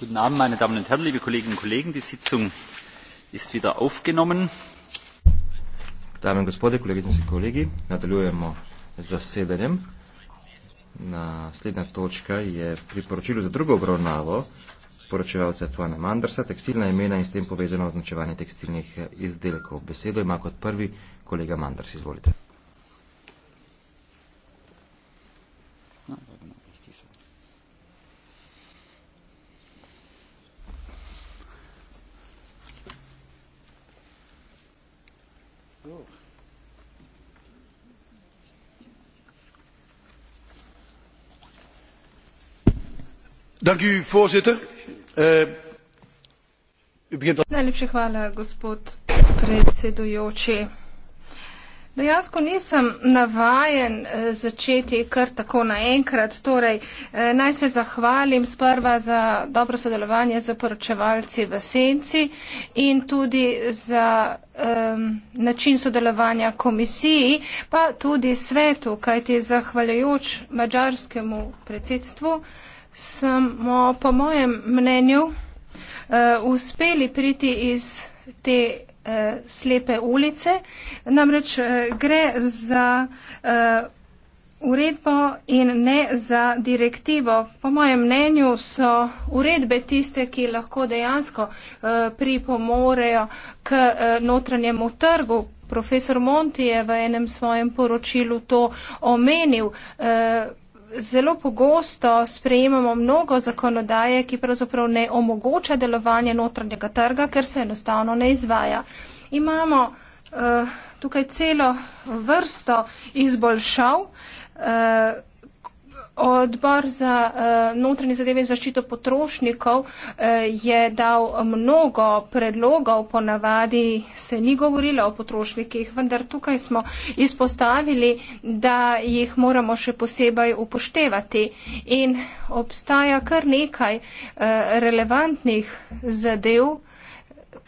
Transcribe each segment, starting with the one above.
Guten Abend, meine Damen und Herren, liebe Kolleginnen und Kollegen. Die Sitzung ist wieder aufgenommen. Dame i gospode, kolegice in kolegi, nadaljujemo z zasedanjem. Naslednja točka je priporočilo za drugo obravnavo poročevalca Tuana Mandersa, tekstilna imena in s tem povezano označevanje tekstilnih izdelkov. Besedo ima kot prvi kolega Manders. Izvolite. voorzitter eh, najlepša hvala gospod predsedujoči dejansko nisem navajen eh, začeti kar tako naenkrat torej eh, naj se zahvalim sprva za dobro sodelovanje z poročevalci v senci in tudi za um, način sodelovanja komisiji pa tudi svetu kajti zahvaljujoč mađarskemu predsedstvu smo po mojem mnenju uh, uspeli priti iz te uh, slepe ulice. Namreč uh, gre za uh, uredbo in ne za direktivo. Po mojem mnenju so uredbe tiste, ki lahko dejansko uh, pripomorejo k uh, notranjemu trgu. Profesor Monti je v enem svojem poročilu to omenil. Uh, zelo pogosto sprejemamo mnogo zakonodaje, ki pravzaprav ne omogoča delovanje notranjega trga, ker se enostavno ne izvaja. Imamo uh, tukaj celo vrsto izboljšav. Uh, Odbor za eh, notranje zadeve in zaščito potrošnikov eh, je dal mnogo predlogov, ponavadi se ni govorilo o potrošnikih, vendar tukaj smo izpostavili, da jih moramo še posebej upoštevati. In obstaja kar nekaj eh, relevantnih zadev,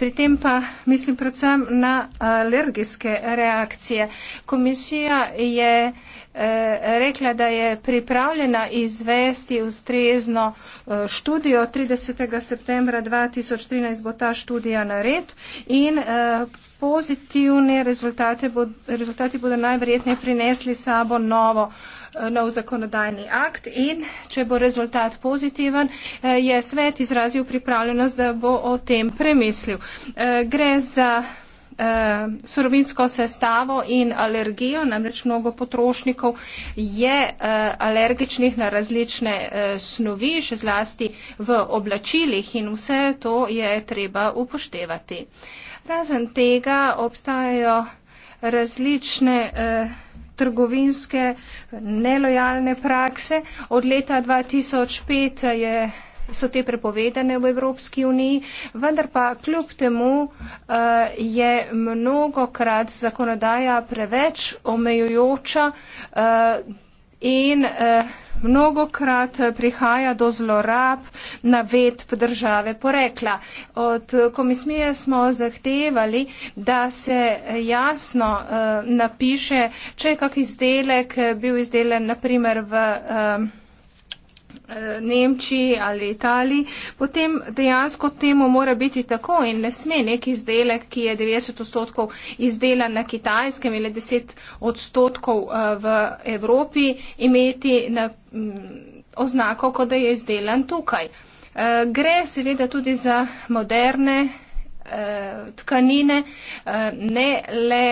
pri tem pa mislim predvsem na alergijske reakcije. Komisija je Eh, rekla, da je pripravljena izvesti ustrezno eh, študijo. 30. septembra 2013 bo ta študija nared in eh, pozitivne rezultate bo, rezultati bodo najverjetneje prinesli sabo novo nov zakonodajni akt in če bo rezultat pozitiven, je svet izrazil pripravljenost, da bo o tem premislil. Gre za eh, surovinsko sestavo in alergijo, namreč mnogo potrošnikov je eh, alergičnih na različne eh, snovi, še zlasti v oblačilih in vse to je treba upoštevati. Razen tega obstajajo različne. Eh, trgovinske nelojalne prakse. Od leta 2005 je so te prepovedane v Evropski uniji, vendar pa kljub temu uh, je mnogokrat zakonodaja preveč omejujoča uh, in uh, Mnogokrat prihaja do zlorab navedb države porekla. Od komisije smo zahtevali, da se jasno uh, napiše, če je kak izdelek bil izdelen naprimer v. Uh, Eh, Nemčiji ali Italiji, potem dejansko temu mora biti tako in ne sme nek izdelek, ki je 90 odstotkov izdelan na kitajskem ali 10 odstotkov eh, v Evropi, imeti na, mm, oznako, kot da je izdelan tukaj. Eh, gre seveda tudi za moderne tkanine, ne le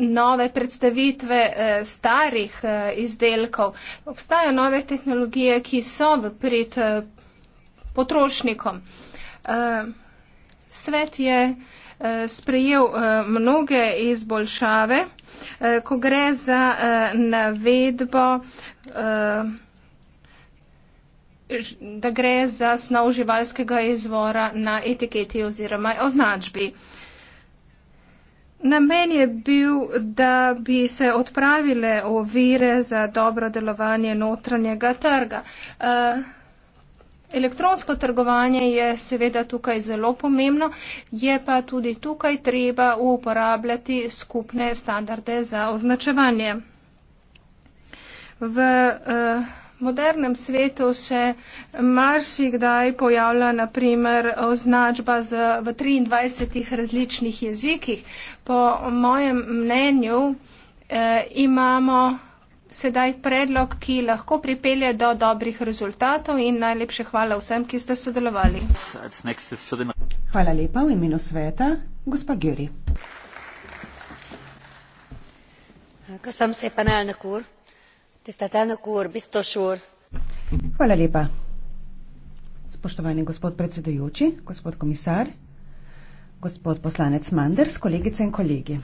nove predstavitve eh, starih eh, izdelkov. Obstajajo nove tehnologije, ki so v prid eh, potrošnikom. Eh, svet je eh, sprejel eh, mnoge izboljšave, eh, ko gre za eh, navedbo, eh, da gre za snov živalskega izvora na etiketi oziroma označbi. Eh, Namen je bil, da bi se odpravile ovire za dobro delovanje notranjega trga. Uh, Elektronsko trgovanje je seveda tukaj zelo pomembno, je pa tudi tukaj treba uporabljati skupne standarde za označevanje. V, uh, modernem svetu se marsikdaj pojavlja naprimer označba z, v 23 različnih jezikih. Po mojem mnenju eh, imamo sedaj predlog, ki lahko pripelje do dobrih rezultatov in najlepše hvala vsem, ki ste sodelovali. Hvala lepa v imenu sveta, gospa Geri. Köszönöm szépen, elnök úr! tisztelt elnök úr, biztos úr! Hvala lepa. Spoštovani gospod predsedujoči, gospod komisar, gospod poslanec Manders, kolegice in kolegi.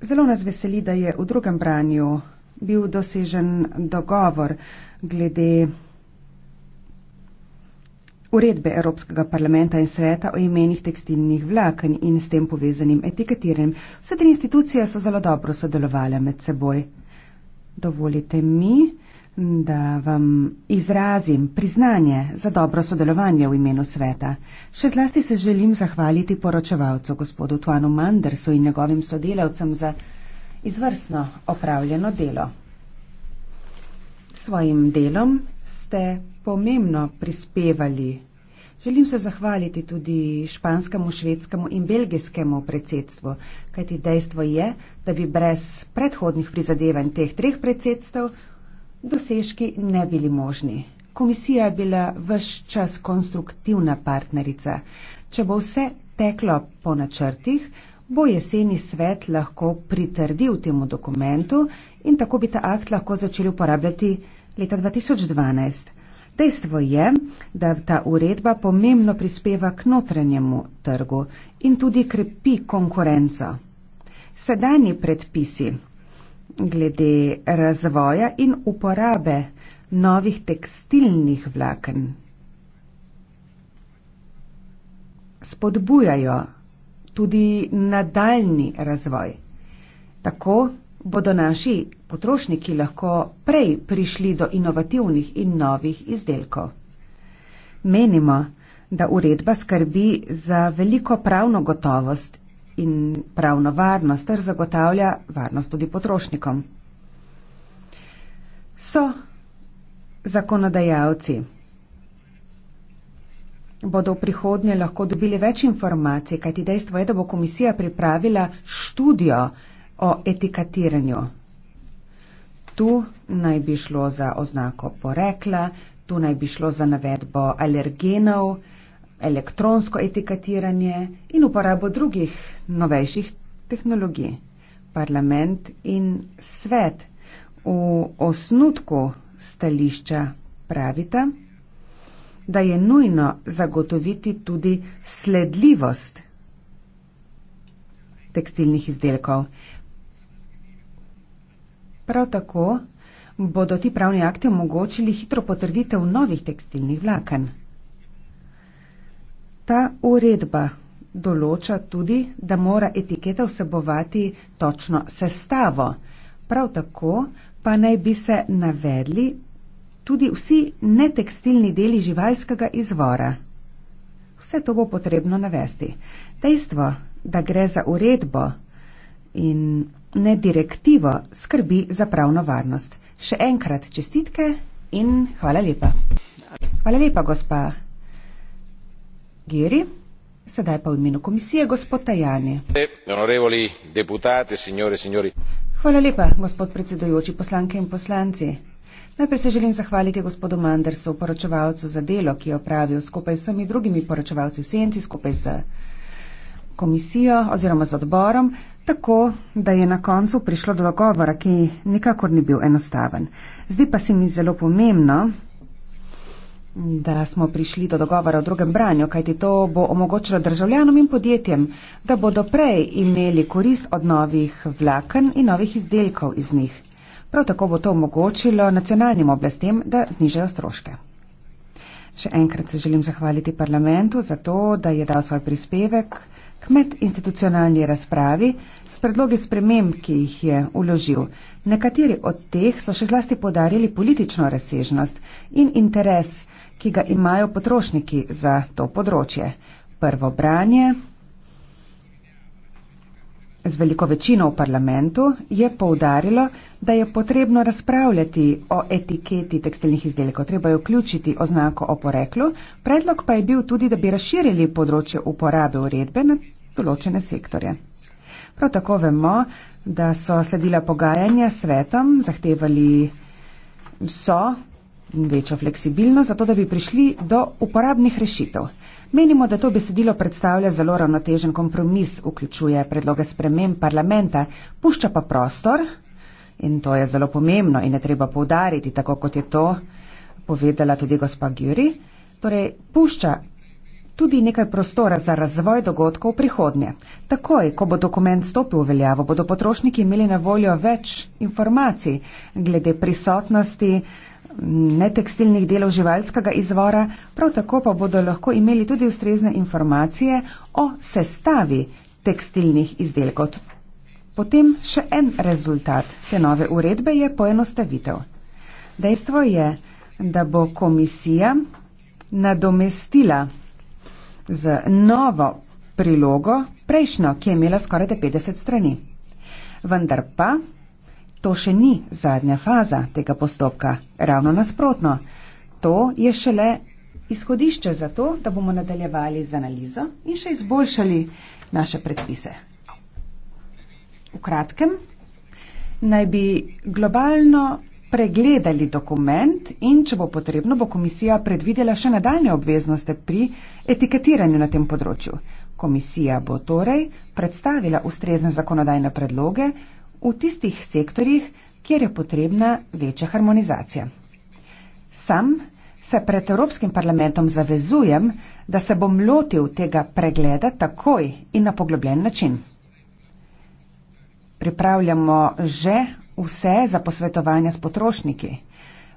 Zelo nas veseli, da je v drugem branju bil dosežen dogovor glede uredbe Evropskega parlamenta in sveta o imenih tekstilnih vlaken in s tem povezanim etiketiranjem. Vse tri institucije so zelo dobro sodelovali med seboj. Dovolite mi, da vam izrazim priznanje za dobro sodelovanje v imenu sveta. Še zlasti se želim zahvaliti poročevalcu gospodu Tuanu Mandersu in njegovim sodelavcem za izvrsno opravljeno delo. Svojim delom, s ste pomembno prispevali. Želim se zahvaliti tudi španskemu, švedskemu in belgijskemu predsedstvu, kajti dejstvo je, da bi brez predhodnih prizadevanj teh treh predsedstv dosežki ne bili možni. Komisija je bila vse čas konstruktivna partnerica. Če bo vse teklo po načrtih, bo jeseni svet lahko pritrdil temu dokumentu in tako bi ta akt lahko začeli uporabljati leta 2012. Dejstvo je, da ta uredba pomembno prispeva k notranjemu trgu in tudi krepi konkurenco. Sedajni predpisi glede razvoja in uporabe novih tekstilnih vlaken spodbujajo tudi nadaljni razvoj. Tako bodo naši potrošniki lahko prej prišli do inovativnih in novih izdelkov. Menimo, da uredba skrbi za veliko pravno gotovost in pravno varnost ter zagotavlja varnost tudi potrošnikom. So zakonodajalci. Bodo v prihodnje lahko dobili več informacij, kajti dejstvo je, da bo komisija pripravila študijo, o etiketiranju. Tu naj bi šlo za oznako porekla, tu naj bi šlo za navedbo alergenov, elektronsko etiketiranje in uporabo drugih novejših tehnologij. Parlament in svet v osnutku stališča pravita, da je nujno zagotoviti tudi sledljivost tekstilnih izdelkov. Prav tako bodo ti pravni akti omogočili hitro potrditev novih tekstilnih vlaken. Ta uredba določa tudi, da mora etiketa vsebovati točno sestavo. Prav tako pa naj bi se navedli tudi vsi netekstilni deli živalskega izvora. Vse to bo potrebno navesti. Dejstvo, da gre za uredbo in ne direktivo skrbi za pravno varnost. Še enkrat čestitke in hvala lepa. Hvala lepa, gospa Giri. Sedaj pa v imenu komisije, gospod Tajani. Hvala lepa, gospod predsedujoči, poslanke in poslanci. Najprej se želim zahvaliti gospodu Mandersu, poročevalcu za delo, ki je opravil skupaj s vsemi drugimi poročevalci v senci, skupaj z komisijo oziroma z odborom. Tako, da je na koncu prišlo do dogovora, ki nikakor ni bil enostaven. Zdi pa se mi zelo pomembno, da smo prišli do dogovora o drugem branju, kajti to bo omogočilo državljanom in podjetjem, da bodo prej imeli korist od novih vlaken in novih izdelkov iz njih. Prav tako bo to omogočilo nacionalnim oblastem, da znižajo stroške. Še enkrat se želim zahvaliti parlamentu za to, da je dal svoj prispevek k medinstitucionalni razpravi s predlogi sprememb, ki jih je uložil. Nekateri od teh so še zlasti podarili politično razsežnost in interes, ki ga imajo potrošniki za to področje. Prvo branje z veliko večino v parlamentu, je poudarilo, da je potrebno razpravljati o etiketi tekstilnih izdelkov, treba je vključiti oznako o poreklu. Predlog pa je bil tudi, da bi razširili področje uporabe uredbe na določene sektorje. Prav tako vemo, da so sledila pogajanja s svetom, zahtevali so večjo fleksibilnost, zato da bi prišli do uporabnih rešitev. Menimo, da to besedilo predstavlja zelo ravnotežen kompromis, vključuje predloge sprememb parlamenta, pušča pa prostor in to je zelo pomembno in je treba poudariti, tako kot je to povedala tudi gospa Gjuri, torej pušča tudi nekaj prostora za razvoj dogodkov v prihodnje. Takoj, ko bo dokument stopil v veljavo, bodo potrošniki imeli na voljo več informacij glede prisotnosti, netekstilnih delov živalskega izvora, prav tako pa bodo lahko imeli tudi ustrezne informacije o sestavi tekstilnih izdelkov. Potem še en rezultat te nove uredbe je poenostavitev. Dejstvo je, da bo komisija nadomestila z novo prilogo prejšnjo, ki je imela skoraj 50 strani. Vendar pa to še ni zadnja faza tega postopka. Ravno nasprotno, to je šele izhodišče za to, da bomo nadaljevali z analizo in še izboljšali naše predpise. V kratkem naj bi globalno pregledali dokument in, če bo potrebno, bo komisija predvidela še nadaljne obveznosti pri etiketiranju na tem področju. Komisija bo torej predstavila ustrezne zakonodajne predloge, v tistih sektorjih, kjer je potrebna večja harmonizacija. Sam se pred Evropskim parlamentom zavezujem, da se bom lotil tega pregleda takoj in na poglobljen način. Pripravljamo že vse za posvetovanje s potrošniki.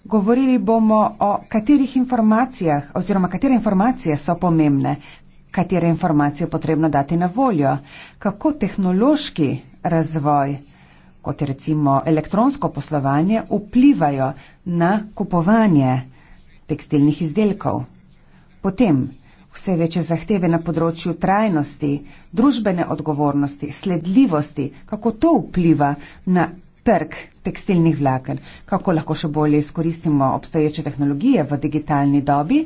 Govorili bomo o katerih informacijah oziroma katere informacije so pomembne, katere informacije je potrebno dati na voljo, kako tehnološki razvoj kot je recimo elektronsko poslovanje, vplivajo na kupovanje tekstilnih izdelkov. Potem vse večje zahteve na področju trajnosti, družbene odgovornosti, sledljivosti, kako to vpliva na trg tekstilnih vlaken, kako lahko še bolje izkoristimo obstoječe tehnologije v digitalni dobi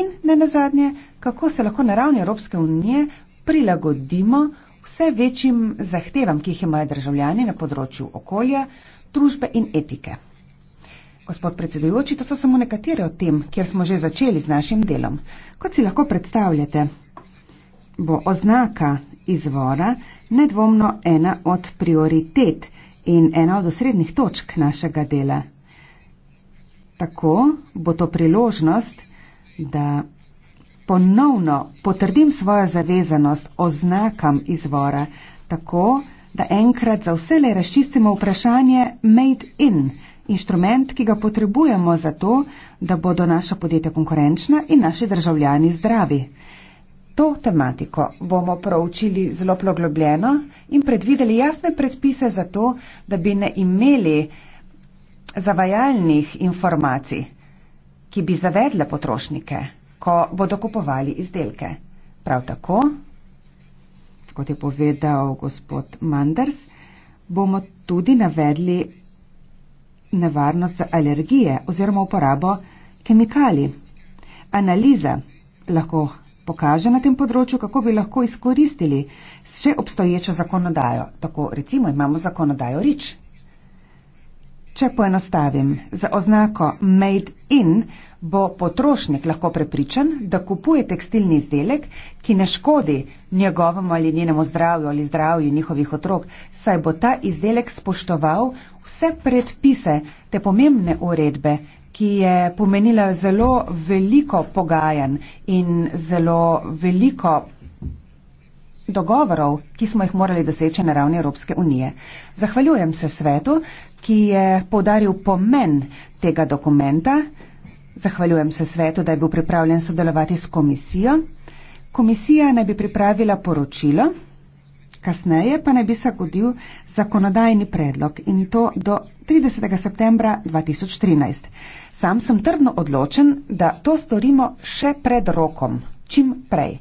in ne nazadnje, kako se lahko na ravni Evropske unije prilagodimo vse večjim zahtevam, ki jih imajo državljani na področju okolja, družbe in etike. Gospod predsedujoči, to so samo nekatere od tem, kjer smo že začeli z našim delom. Kot si lahko predstavljate, bo oznaka izvora nedvomno ena od prioritet in ena od osrednjih točk našega dela. Tako bo to priložnost, da ponovno potrdim svojo zavezanost oznakam izvora, tako da enkrat za vsele razčistimo vprašanje made in, inštrument, ki ga potrebujemo za to, da bodo naša podjetja konkurenčna in naši državljani zdravi. To tematiko bomo proučili zelo poglobljeno in predvideli jasne predpise za to, da bi ne imeli zavajalnih informacij, ki bi zavedle potrošnike ko bodo kupovali izdelke. Prav tako, kot je povedal gospod Manders, bomo tudi navedli nevarnost za alergije oziroma uporabo kemikali. Analiza lahko pokaže na tem področju, kako bi lahko izkoristili še obstoječo zakonodajo. Tako recimo imamo zakonodajo REACH. Če poenostavim, za oznako Made in bo potrošnik lahko prepričan, da kupuje tekstilni izdelek, ki ne škodi njegovemu ali njenemu zdravju ali zdravju njihovih otrok, saj bo ta izdelek spoštoval vse predpise te pomembne uredbe, ki je pomenila zelo veliko pogajanj in zelo veliko dogovorov, ki smo jih morali doseči na ravni Evropske unije. Zahvaljujem se svetu, ki je povdaril pomen tega dokumenta, Zahvaljujem se svetu, da je bil pripravljen sodelovati s komisijo. Komisija naj bi pripravila poročilo, kasneje pa naj bi se godil zakonodajni predlog in to do 30. septembra 2013. Sam sem trdno odločen, da to storimo še pred rokom, čim prej.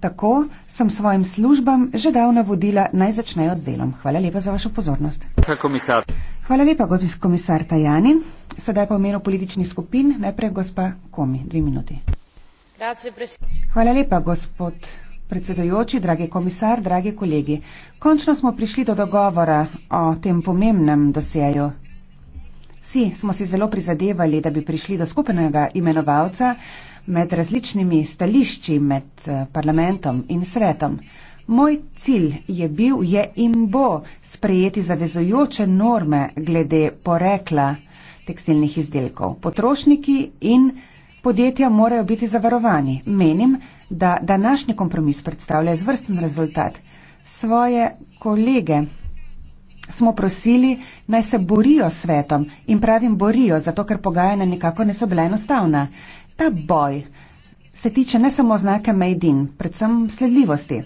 Tako sem svojim službam že davno vodila naj začnejo z delom. Hvala lepa za vašo pozornost. Hvala lepa, gospod komisar Tajani. Sedaj pa v imenu političnih skupin, najprej gospa Komi, dve minuti. Hvala lepa, gospod predsedujoči, dragi komisar, dragi kolegi. Končno smo prišli do dogovora o tem pomembnem dosjeju. Vsi smo si zelo prizadevali, da bi prišli do skupnega imenovalca med različnimi stališči med eh, parlamentom in svetom. Moj cilj je bil, je in bo sprejeti zavezujoče norme glede porekla tekstilnih izdelkov. Potrošniki in podjetja morajo biti zavarovani. Menim, da današnji kompromis predstavlja izvrsten rezultat. Svoje kolege smo prosili, naj se borijo s svetom in pravim borijo, zato ker pogajanja nekako niso bila enostavna. Ta boj se tiče ne samo znake Made in, predvsem sledljivosti.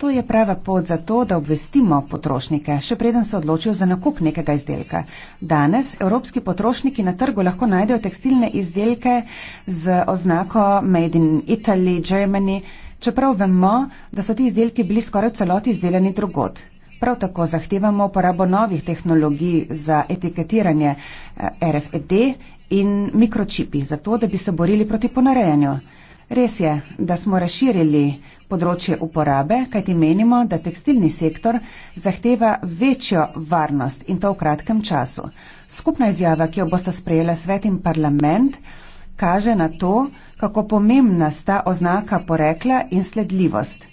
To je prava pot za to, da obvestimo potrošnike, še preden se odločijo za nakup nekega izdelka. Danes evropski potrošniki na trgu lahko najdejo tekstilne izdelke z oznako Made in Italy, Germany, čeprav vemo, da so ti izdelki bili skoraj celoti izdelani drugod. Prav tako zahtevamo uporabo novih tehnologij za etiketiranje eh, RFED in mikročipi, zato da bi se borili proti ponarejanju. Res je, da smo razširili področje uporabe, kajti menimo, da tekstilni sektor zahteva večjo varnost in to v kratkem času. Skupna izjava, ki jo boste sprejela svet in parlament, kaže na to, kako pomembna sta oznaka porekla in sledljivost.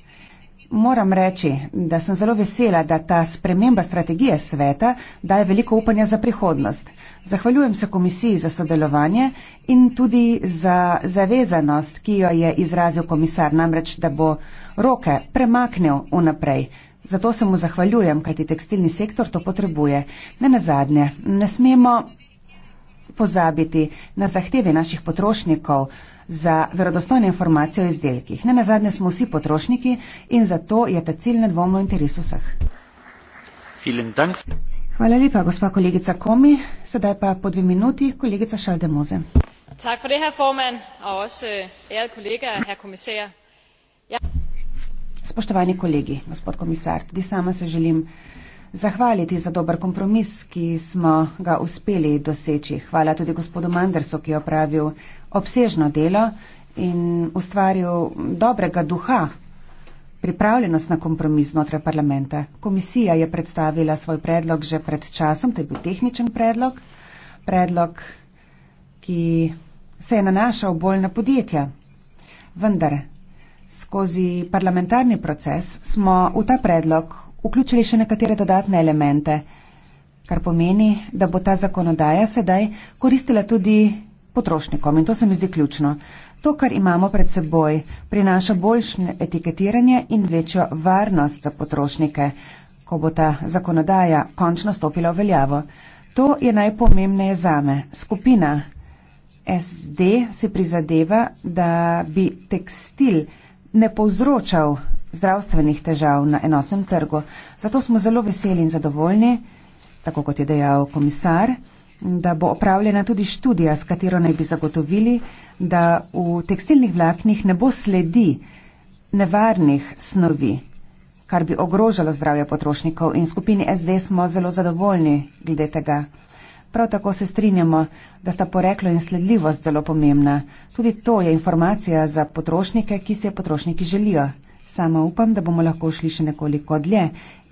Moram reči, da sem zelo vesela, da ta sprememba strategije sveta daje veliko upanja za prihodnost. Zahvaljujem se komisiji za sodelovanje in tudi za zavezanost, ki jo je izrazil komisar, namreč, da bo roke premaknil vnaprej. Zato se mu zahvaljujem, kajti tekstilni sektor to potrebuje. Ne na zadnje, ne smemo pozabiti na zahteve naših potrošnikov za verodostojne informacije o izdelkih. Ne na zadnje smo vsi potrošniki in zato je ta cilj nedvomno v interesu vseh. Vielen Dank. Hvala lepa, gospa kolegica Komi. Sedaj pa po dve minuti kolegica Šaldemoze. Tak for det, her formand, a også øh, ærede kollega, her komisær. Ja. Spoštovani kolegi, gospod komisar, tudi sama se želim zahvaliti za dober kompromis, ki smo ga uspeli doseči. Hvala tudi gospodu Mandersu, ki je opravil obsežno delo in ustvaril dobrega duha pripravljenost na kompromis znotraj parlamenta. Komisija je predstavila svoj predlog že pred časom, to je bil tehničen predlog, predlog, ki se je nanašal bolj na podjetja. Vendar skozi parlamentarni proces smo v ta predlog vključili še nekatere dodatne elemente, kar pomeni, da bo ta zakonodaja sedaj koristila tudi potrošnikom in to se mi zdi ključno. To, kar imamo pred seboj, prinaša boljšne etiketiranje in večjo varnost za potrošnike, ko bo ta zakonodaja končno stopila v veljavo. To je najpomembneje zame. Skupina SD si prizadeva, da bi tekstil ne povzročal zdravstvenih težav na enotnem trgu. Zato smo zelo veseli in zadovoljni, tako kot je dejal komisar da bo opravljena tudi študija, s katero naj bi zagotovili, da v tekstilnih vlaknih ne bo sledi nevarnih snovi, kar bi ogrožalo zdravje potrošnikov in skupini SD smo zelo zadovoljni glede tega. Prav tako se strinjamo, da sta poreklo in sledljivost zelo pomembna. Tudi to je informacija za potrošnike, ki se potrošniki želijo. Sama upam, da bomo lahko šli še nekoliko dlje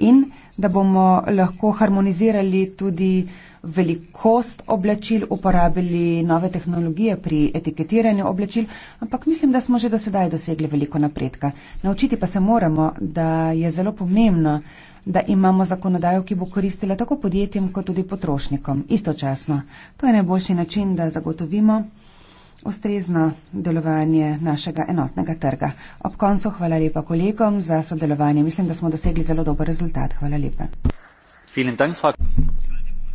in da bomo lahko harmonizirali tudi velikost oblačil, uporabili nove tehnologije pri etiketiranju oblačil, ampak mislim, da smo že do sedaj dosegli veliko napredka. Naučiti pa se moramo, da je zelo pomembno, da imamo zakonodajo, ki bo koristila tako podjetjem kot tudi potrošnikom istočasno. To je najboljši način, da zagotovimo, ustrezno delovanje našega enotnega trga. Ob koncu hvala lepa kolegom za sodelovanje. Mislim, da smo dosegli zelo dober rezultat. Hvala lepa.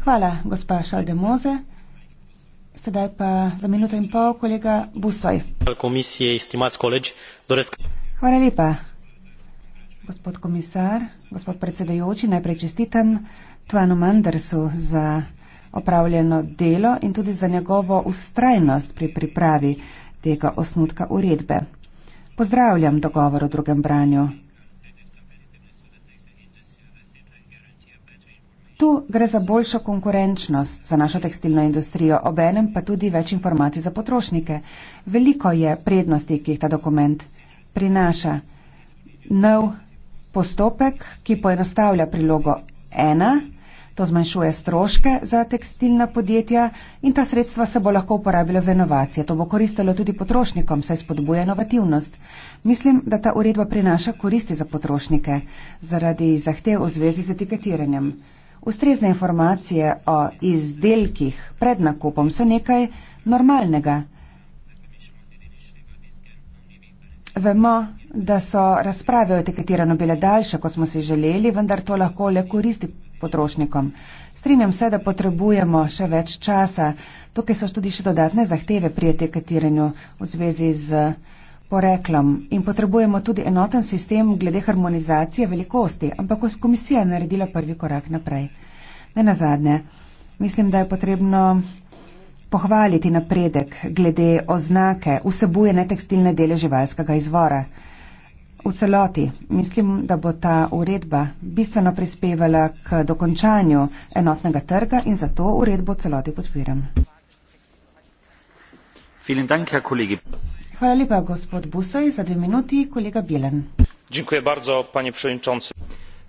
Hvala, gospa Šaldemoze. Sedaj pa za minuto in pol kolega Busoj. Hvala lepa, gospod komisar, gospod predsedajoči. Najprej čestitam Tvanu Mandersu za opravljeno delo in tudi za njegovo ustrajnost pri pripravi tega osnutka uredbe. Pozdravljam dogovor o drugem branju. Tu gre za boljšo konkurenčnost za našo tekstilno industrijo, obenem pa tudi več informacij za potrošnike. Veliko je prednosti, ki jih ta dokument prinaša. Nov postopek, ki poenostavlja prilogo 1, To zmanjšuje stroške za tekstilna podjetja in ta sredstva se bo lahko uporabila za inovacije. To bo koristilo tudi potrošnikom, saj spodbuja inovativnost. Mislim, da ta uredba prinaša koristi za potrošnike zaradi zahtev v zvezi z etiketiranjem. Ustrezne informacije o izdelkih pred nakupom so nekaj normalnega. Vemo, da so razprave o etiketiranju bile daljše, kot smo si želeli, vendar to lahko le koristi potrošnikom. Strinjam se, da potrebujemo še več časa. Tukaj so tudi še dodatne zahteve pri etiketiranju v zvezi z poreklom in potrebujemo tudi enoten sistem glede harmonizacije velikosti, ampak komisija je naredila prvi korak naprej. Ne na zadnje, mislim, da je potrebno pohvaliti napredek glede oznake vsebuje netekstilne dele živalskega izvora. V celoti mislim, da bo ta uredba bistveno prispevala k dokončanju enotnega trga in zato uredbo v celoti podpiram. Hvala lepa, gospod Busoj. Za dve minuti kolega Bilen.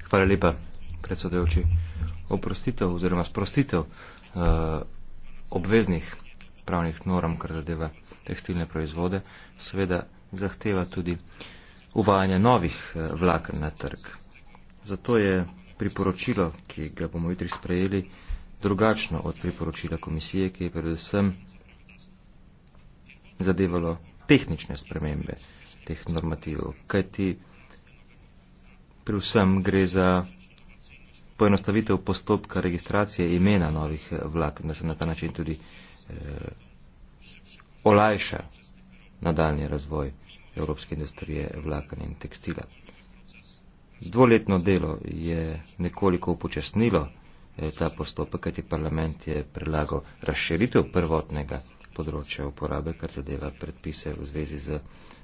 Hvala lepa, predsedujoči. Oprostitev oziroma sprostitev eh, obveznih pravnih norm, kar zadeva tekstilne proizvode, seveda zahteva tudi eh, uvajanje novih eh, vlaken na trg. Zato je priporočilo, ki ga bomo jutri sprejeli, drugačno od priporočila komisije, ki je predvsem zadevalo tehnične spremembe teh normativov, kajti pri vsem gre za poenostavitev postopka registracije imena novih eh, vlak, da se na ta način tudi eh, olajša nadaljni razvoj evropske industrije vlaken in tekstila. Dvoletno delo je nekoliko upočasnilo eh, ta postopek, kajti parlament je predlagal razširitev prvotnega področja uporabe, kar zadeva predpise v zvezi z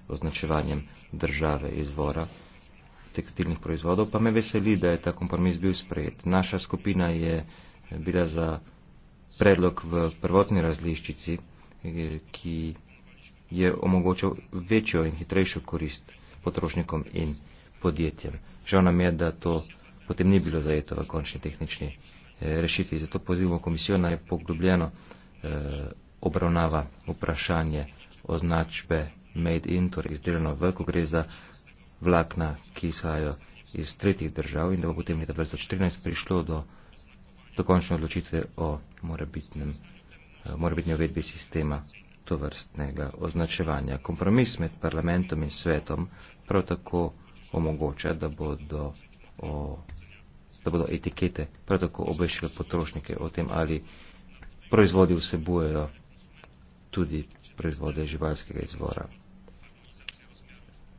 označevanjem države izvora tekstilnih proizvodov, pa me veseli, da je ta kompromis bil sprejet. Naša skupina je bila za predlog v prvotni različici, eh, ki je omogočal večjo in hitrejšo korist potrošnikom in podjetjem. Žal nam je, da to potem ni bilo zajeto v končni tehnični eh, rešitvi. Zato pozivamo komisijo naj poglobljeno eh, obravnava vprašanje označbe made in, torej izdelano v, ko gre za vlakna, ki izhajajo iz tretjih držav in da bo potem leta 2014 prišlo do dokončne odločitve o morebitnem, eh, morebitnem uvedbi sistema tovrstnega označevanja. Kompromis med parlamentom in svetom prav tako omogoča, da bodo, o, da bodo etikete prav tako obvešile potrošnike o tem, ali proizvodi vsebujejo tudi proizvode živalskega izvora.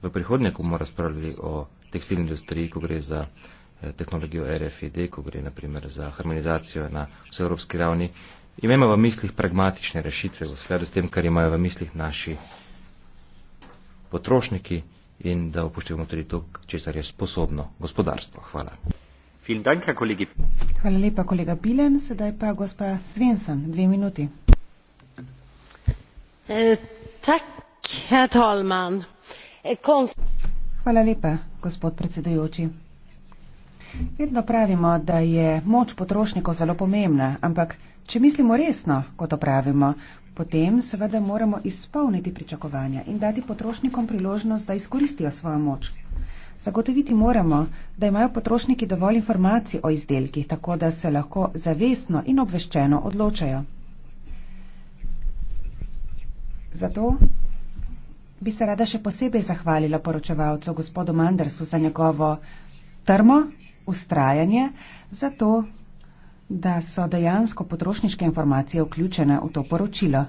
V prihodnje, ko bomo razpravljali o tekstilni industriji, ko gre za eh, tehnologijo RFID, ko gre naprimer za harmonizacijo na vseevropski ravni, Imamo v mislih pragmatične rešitve v skladu s tem, kar imajo v mislih naši potrošniki in da upoštevamo tudi to, česar je sposobno gospodarstvo. Hvala. Danke, kolegi. Hvala lepa, kolega Bilen. Sedaj pa gospa Svensson, dve minuti. Eh, eh, Hvala lepa, gospod predsedujoči. Vedno pravimo, da je moč potrošnikov zelo pomembna, ampak če mislimo resno, kot opravimo, potem seveda moramo izpolniti pričakovanja in dati potrošnikom priložnost, da izkoristijo svojo moč. Zagotoviti moramo, da imajo potrošniki dovolj informacij o izdelkih, tako da se lahko zavesno in obveščeno odločajo. Zato bi se rada še posebej zahvalila poročevalcu gospodu Mandersu za njegovo trmo ustrajanje, zato da so dejansko potrošniške informacije vključene v to poročilo.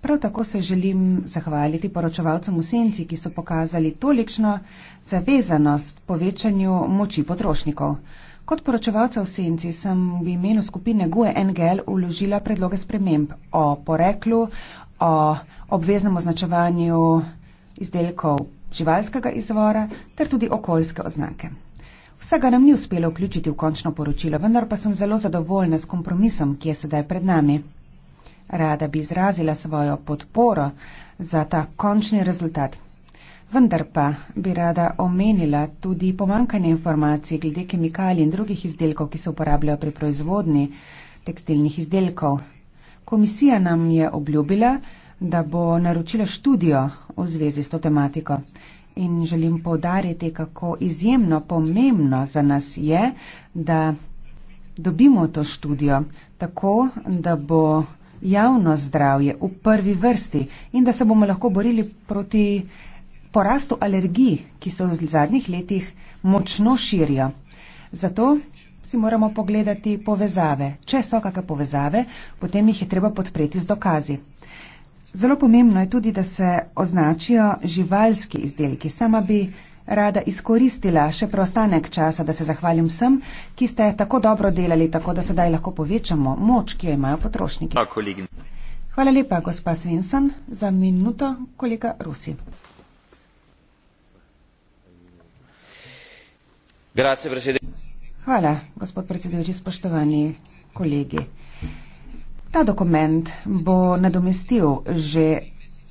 Prav tako se želim zahvaliti poročevalcem v Senci, ki so pokazali tolikšno zavezanost povečanju moči potrošnikov. Kot poročevalca v Senci sem v imenu skupine GUE NGL uložila predloge sprememb o poreklu, o obveznem označevanju izdelkov živalskega izvora ter tudi okoljske oznake. Vsega nam ni uspelo vključiti v končno poročilo, vendar pa sem zelo zadovoljna s kompromisom, ki je sedaj pred nami. Rada bi izrazila svojo podporo za ta končni rezultat. Vendar pa bi rada omenila tudi pomankanje informacij glede kemikalij in drugih izdelkov, ki se uporabljajo pri proizvodni tekstilnih izdelkov. Komisija nam je obljubila, da bo naročila študijo v zvezi s to tematiko in želim povdariti, kako izjemno pomembno za nas je, da dobimo to študijo tako, da bo javno zdravje v prvi vrsti in da se bomo lahko borili proti porastu alergij, ki se v zadnjih letih močno širijo. Zato si moramo pogledati povezave. Če so kakšne povezave, potem jih je treba podpreti z dokazi. Zelo pomembno je tudi, da se označijo živalski izdelki. Sama bi rada izkoristila še preostanek časa, da se zahvalim vsem, ki ste tako dobro delali, tako da sedaj lahko povečamo moč, ki jo imajo potrošniki. Ja, Hvala lepa, gospa Svensson, za minuto, kolega Rusi. Hvala, gospod predsedujoči, spoštovani kolegi. Ta dokument bo nadomestil že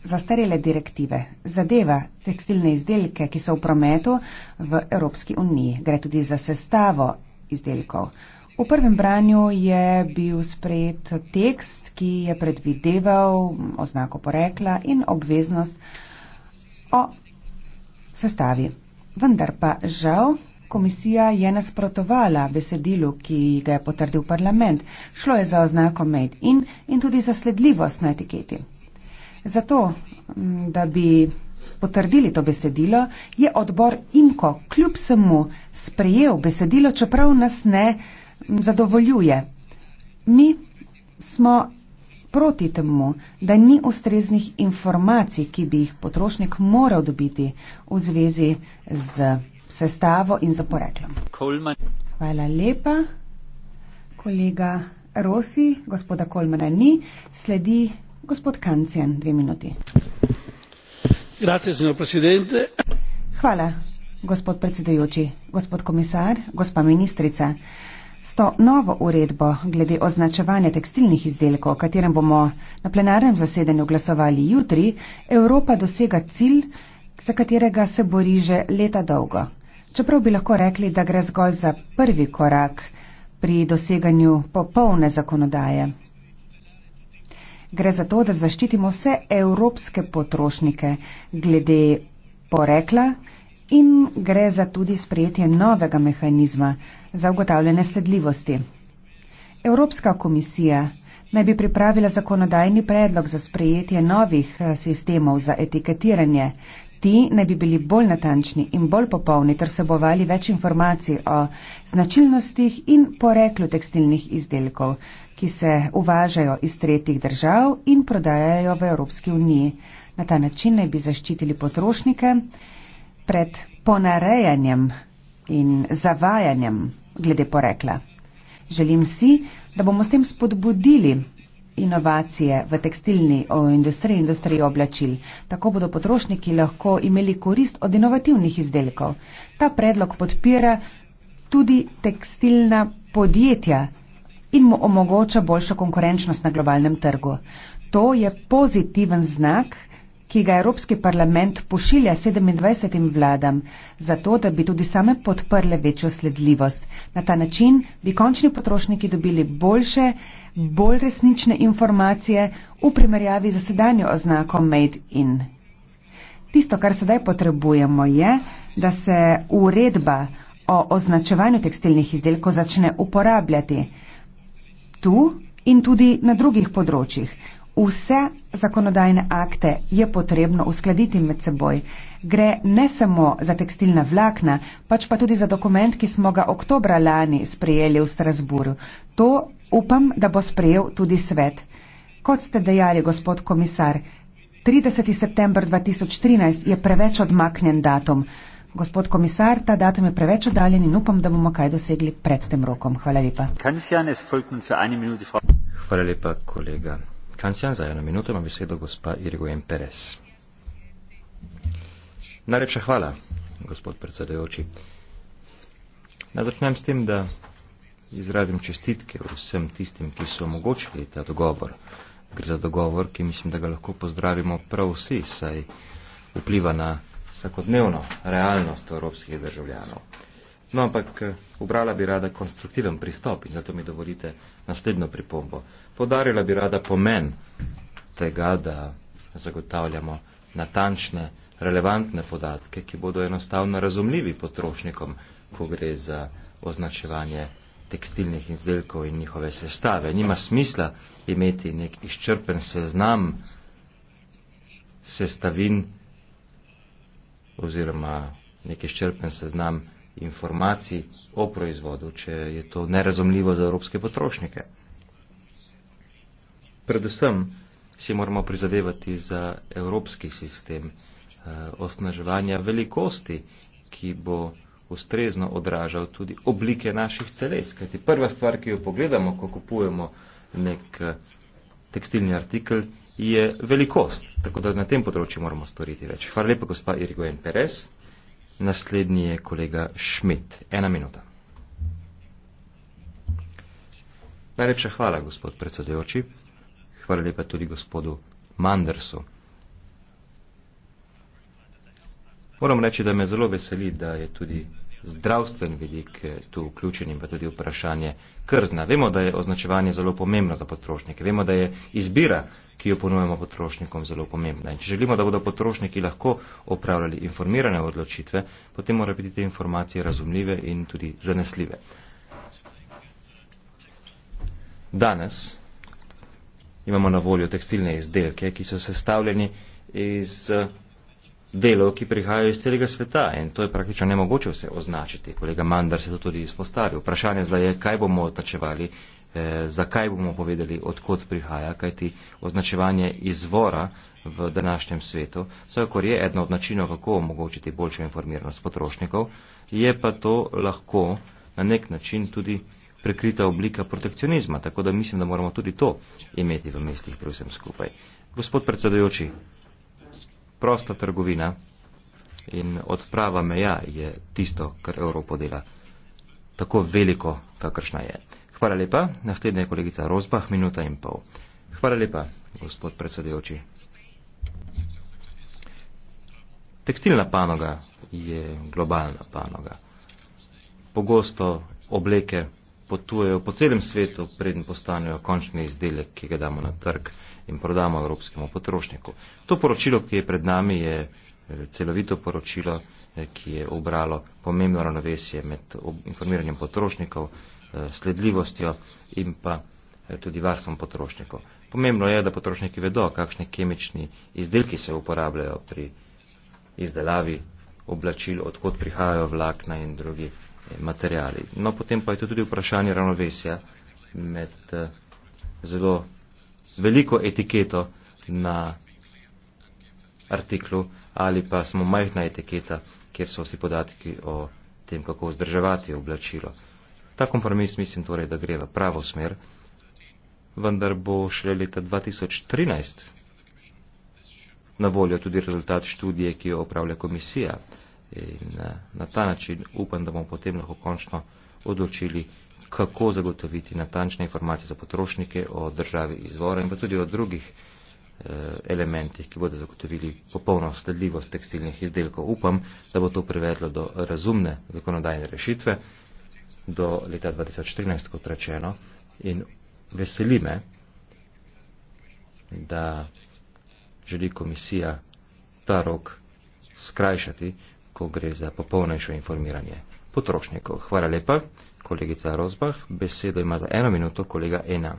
zastarele direktive. Zadeva tekstilne izdelke, ki so v prometu v Evropski uniji. Gre tudi za sestavo izdelkov. V prvem branju je bil sprejet tekst, ki je predvideval oznako porekla in obveznost o sestavi. Vendar pa žal komisija je nasprotovala besedilu, ki ga je potrdil parlament. Šlo je za oznako Made in in tudi za sledljivost na etiketi. Zato, da bi potrdili to besedilo, je odbor IMKO kljub semu sprejel besedilo, čeprav nas ne zadovoljuje. Mi smo proti temu, da ni ustreznih informacij, ki bi jih potrošnik moral dobiti v zvezi z sestavo in za poreklom. Hvala lepa. Kolega Rosi, gospoda Kolmana ni, sledi gospod Kancijan, dve minuti. Grazie, Hvala, gospod predsedujoči, gospod komisar, gospa ministrica. S to novo uredbo glede označevanja tekstilnih izdelkov, o katerem bomo na plenarnem zasedanju glasovali jutri, Evropa dosega cilj, za katerega se bori že leta dolgo. Čeprav bi lahko rekli, da gre zgolj za prvi korak pri doseganju popolne zakonodaje. Gre za to, da zaščitimo vse evropske potrošnike glede porekla in gre za tudi sprejetje novega mehanizma za ugotavljanje sledljivosti. Evropska komisija naj bi pripravila zakonodajni predlog za sprejetje novih eh, sistemov za etiketiranje, ti naj bi bili bolj natančni in bolj popolni ter sebovali več informacij o značilnostih in poreklu tekstilnih izdelkov, ki se uvažajo iz tretjih držav in prodajajo v Evropski uniji. Na ta način naj bi zaščitili potrošnike pred ponarejanjem in zavajanjem glede porekla. Želim si, da bomo s tem spodbudili inovacije v tekstilni industriji, industriji oblačil. Tako bodo potrošniki lahko imeli korist od inovativnih izdelkov. Ta predlog podpira tudi tekstilna podjetja in mu omogoča boljšo konkurenčnost na globalnem trgu. To je pozitiven znak, ki ga Evropski parlament pošilja 27 vladam, zato da bi tudi same podprle večjo sledljivost. Na ta način bi končni potrošniki dobili boljše, bolj resnične informacije v primerjavi z sedanjo oznako Made in. Tisto, kar sedaj potrebujemo, je, da se uredba o označevanju tekstilnih izdelkov začne uporabljati tu in tudi na drugih področjih. Vse zakonodajne akte je potrebno uskladiti med seboj. Gre ne samo za tekstilna vlakna, pač pa tudi za dokument, ki smo ga oktobra lani sprejeli v Strasburu. To upam, da bo sprejel tudi svet. Kot ste dejali, gospod komisar, 30. september 2013 je preveč odmaknjen datum. Gospod komisar, ta datum je preveč oddaljen in upam, da bomo kaj dosegli pred tem rokom. Hvala lepa. Ja Hvala lepa, kolega. Kancijan za eno minuto ima besedo gospa Irgojem Perez. Najlepša hvala, gospod predsedajoči. Naj začnem s tem, da izrazim čestitke vsem tistim, ki so omogočili ta dogovor. Gre za dogovor, ki mislim, da ga lahko pozdravimo prav vsi, saj vpliva na vsakodnevno realnost evropskih državljanov. No, ampak eh, ubrala bi rada konstruktiven pristop in zato mi dovolite naslednjo pripombo. Podarila bi rada pomen tega, da zagotavljamo natančne, relevantne podatke, ki bodo enostavno razumljivi potrošnikom, ko gre za označevanje tekstilnih izdelkov in njihove sestave. Nima smisla imeti nek izčrpen seznam sestavin oziroma nek izčrpen seznam informacij o proizvodu, če je to nerazumljivo za evropske potrošnike predvsem si moramo prizadevati za evropski sistem eh, osnaževanja velikosti, ki bo ustrezno odražal tudi oblike naših teles. Kajti prva stvar, ki jo pogledamo, ko kupujemo nek eh, tekstilni artikel, je velikost. Tako da na tem področju moramo storiti več. Hvala lepa, gospa Irigoyen Perez. Naslednji je kolega Šmit. Ena minuta. Najlepša hvala, gospod predsedujoči. Hvala lepa tudi gospodu Mandersu. Moram reči, da me zelo veseli, da je tudi zdravstven vidik eh, tu vključen in pa tudi vprašanje krzna. Vemo, da je označevanje zelo pomembno za potrošnike. Vemo, da je izbira, ki jo ponujemo potrošnikom, zelo pomembna. In če želimo, da bodo potrošniki lahko opravljali informirane odločitve, potem morajo biti te informacije razumljive in tudi zanesljive. Danes imamo na voljo tekstilne izdelke, ki so sestavljeni iz eh, delov, ki prihajajo iz celega sveta in to je praktično nemogoče vse označiti. Kolega Mandar se to tudi izpostavil. Vprašanje zdaj je, kaj bomo označevali, eh, zakaj bomo povedali, odkot prihaja, kajti označevanje izvora v današnjem svetu, vsekakor je eno od načinov, kako omogočiti boljšo informiranost potrošnikov, je pa to lahko na nek način tudi prikrita oblika protekcionizma, tako da mislim, da moramo tudi to imeti v mestih pri vsem skupaj. Gospod predsedajoči, prosta trgovina in odprava meja je tisto, kar Evropo dela tako veliko, kakršna je. Hvala lepa. Naslednja je kolegica Rozbah, minuta in pol. Hvala lepa, gospod predsedajoči. Tekstilna panoga je globalna panoga. Pogosto obleke potujejo po celem svetu, preden postanejo končni izdelek, ki ga damo na trg in prodamo evropskemu potrošniku. To poročilo, ki je pred nami, je eh, celovito poročilo, eh, ki je obralo pomembno ravnovesje med informiranjem potrošnikov, eh, sledljivostjo in pa tudi varstvom potrošnikov. Pomembno je, da potrošniki vedo, kakšni kemični izdelki se uporabljajo pri izdelavi oblačil, odkot prihajajo vlakna in drugi Eh, materiali. No, potem pa je tu tudi vprašanje ravnovesja med eh, zelo z veliko etiketo na artiklu ali pa samo majhna etiketa, kjer so vsi podatki o tem, kako vzdrževati oblačilo. Ta kompromis mislim torej, da gre v pravo smer, vendar bo šele leta 2013 na voljo tudi rezultat študije, ki jo opravlja komisija in eh, na ta način upam, da bomo potem lahko končno odločili, kako zagotoviti natančne informacije za potrošnike o državi izvora in pa tudi o drugih eh, elementih, ki bodo zagotovili popolno sledljivost tekstilnih izdelkov. Upam, da bo to privedlo do razumne zakonodajne rešitve do leta 2014, kot rečeno. In veseli me, da želi komisija ta rok skrajšati, ko gre za popolnejšo informiranje potrošnikov. Hvala lepa, kolegica Rozbah. Besedo ima za eno minuto kolega Ena.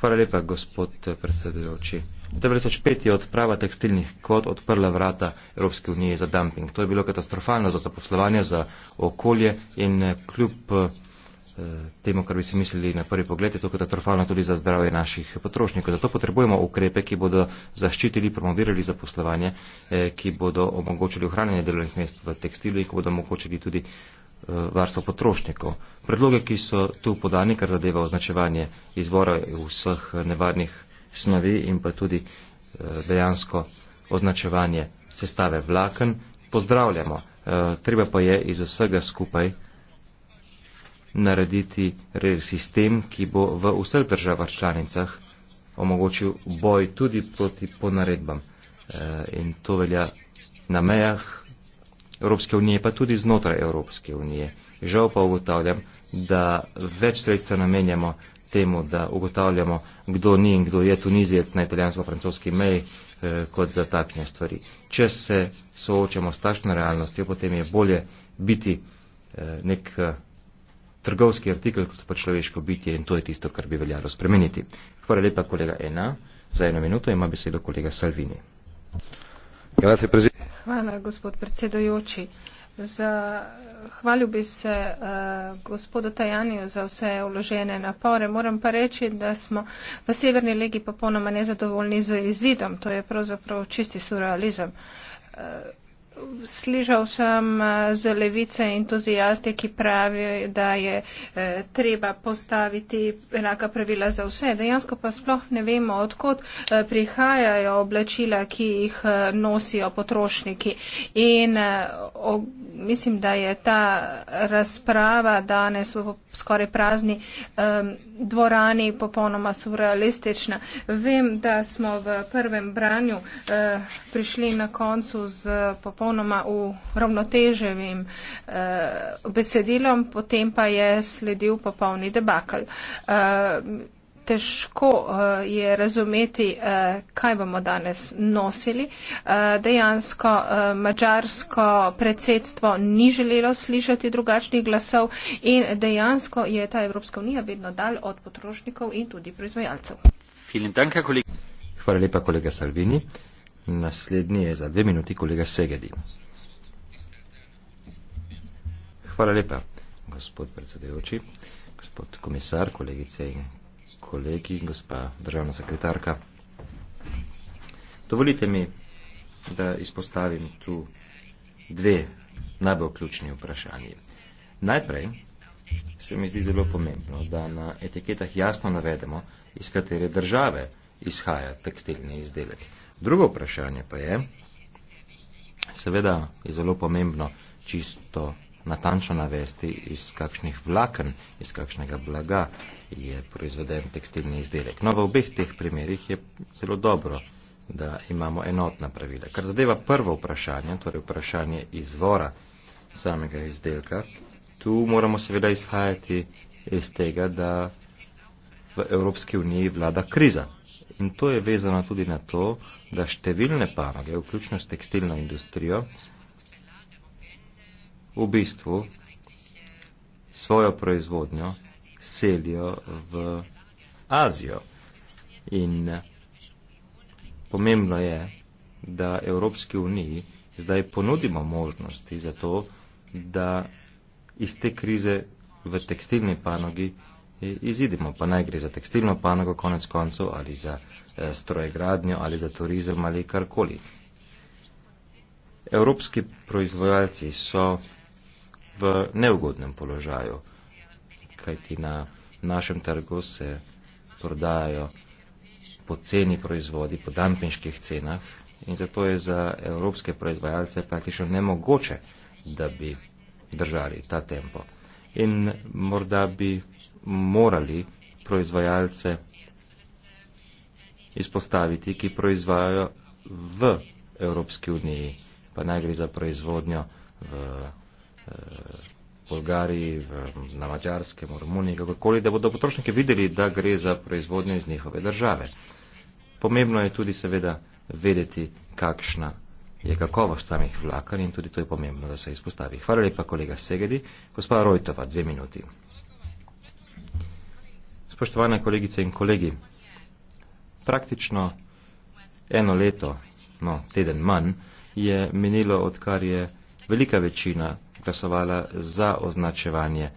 Hvala lepa, gospod predsedujoči. Leta 2005 je odprava tekstilnih kod odprla vrata Evropske unije za dumping. To je bilo katastrofalno za zaposlovanje, za okolje in kljub Eh, temu, kar bi si mislili na prvi pogled, je to katastrofalno tudi za zdravje naših potrošnikov. Zato potrebujemo ukrepe, ki bodo zaščitili, promovirali zaposlovanje, eh, ki bodo omogočili ohranjanje delovnih mest v tekstilu in ki bodo omogočili tudi eh, varstvo potrošnikov. Predloge, ki so tu podani, kar zadeva označevanje izvora vseh nevarnih snovi in pa tudi dejansko označevanje sestave vlaken, pozdravljamo. Treba pa je iz vsega skupaj narediti sistem, ki bo v vseh državah članicah omogočil boj tudi proti ponaredbam. Eh, in to velja na mejah Evropske unije, pa tudi znotraj Evropske unije. Žal pa ugotavljam, da več sredstva namenjamo temu, da ugotavljamo, kdo ni in kdo je tunizijec na italijansko-francoski meji, eh, kot za takšne stvari. Če se soočamo s takšno realnostjo, potem je bolje biti eh, nek trgovski artikel kot pa človeško bitje in to je tisto, kar bi veljalo spremeniti. Hvala lepa, kolega Ena. Za eno minuto ima besedo kolega Salvini. Hvala, gospod predsedojoči. Hvalil bi se uh, gospodu Tajaniju za vse uložene napore. Moram pa reči, da smo v Severni legi popolnoma nezadovoljni z izidom. To je pravzaprav čisti surrealizem. Uh, slišal sem eh, z levice entuzijaste, ki pravi, da je eh, treba postaviti enaka pravila za vse. Dejansko pa sploh ne vemo, odkot eh, prihajajo oblačila, ki jih nosijo potrošniki. In o, mislim, da je ta razprava danes v skoraj prazni ehm, dvorani popolnoma surrealistična. Vem, da smo v prvem branju prišli na koncu z popolnoma popolnoma v ravnoteževim uh, eh, besedilom, potem pa je sledil popolni debakl. Uh, težko uh, je razumeti, uh, kaj bomo danes nosili. Uh, dejansko uh, mačarsko predsedstvo ni želelo slišati drugačnih glasov in dejansko je ta Evropska unija vedno dal od potrošnikov in tudi proizvajalcev. Hvala lepa, kolega Salvini. Uh, Naslednji je za dve minuti kolega Segedi. Hvala lepa, gospod predsedujoči, gospod komisar, kolegice in kolegi, gospa državna sekretarka. Dovolite mi, da izpostavim tu dve najbolj ključni vprašanji. Najprej se mi zdi zelo pomembno, da na etiketah jasno navedemo, iz katere države izhaja tekstilni izdelek. Drugo vprašanje pa je, seveda je zelo pomembno čisto natančno navesti, iz kakšnih vlaken, iz kakšnega blaga je proizveden tekstilni izdelek. No, v obeh teh primerih je zelo dobro, da imamo enotna pravila. Kar zadeva prvo vprašanje, torej vprašanje izvora samega izdelka, tu moramo seveda izhajati iz tega, da v Evropski uniji vlada kriza. In to je vezano tudi na to, da številne panoge, vključno s tekstilno industrijo, v bistvu svojo proizvodnjo selijo v Azijo. In pomembno je, da Evropski uniji zdaj ponudimo možnosti za to, da iz te krize v tekstilni panogi E, izidemo, pa naj gre za tekstilno panogo konec koncev ali za e, strojegradnjo ali za turizem ali karkoli. Evropski proizvajalci so v neugodnem položaju, kajti na našem trgu se prodajajo poceni proizvodi po dampinških cenah in zato je za evropske proizvajalce praktično nemogoče, da bi držali ta tempo. In morda bi morali proizvajalce izpostaviti, ki proizvajajo v Evropski uniji, pa naj gre za proizvodnjo v eh, Bolgariji, v, na Mađarskem, v Romuniji, kakorkoli, da bodo potrošniki videli, da gre za proizvodnjo iz njihove države. Pomembno je tudi seveda vedeti, kakšna je kakovost samih vlakanj in tudi to je pomembno, da se izpostavi. Hvala lepa, kolega Segedi. Gospa Rojtova, dve minuti. Spoštovane kolegice in kolegi, praktično eno leto, no teden manj, je minilo, odkar je velika večina glasovala za označevanje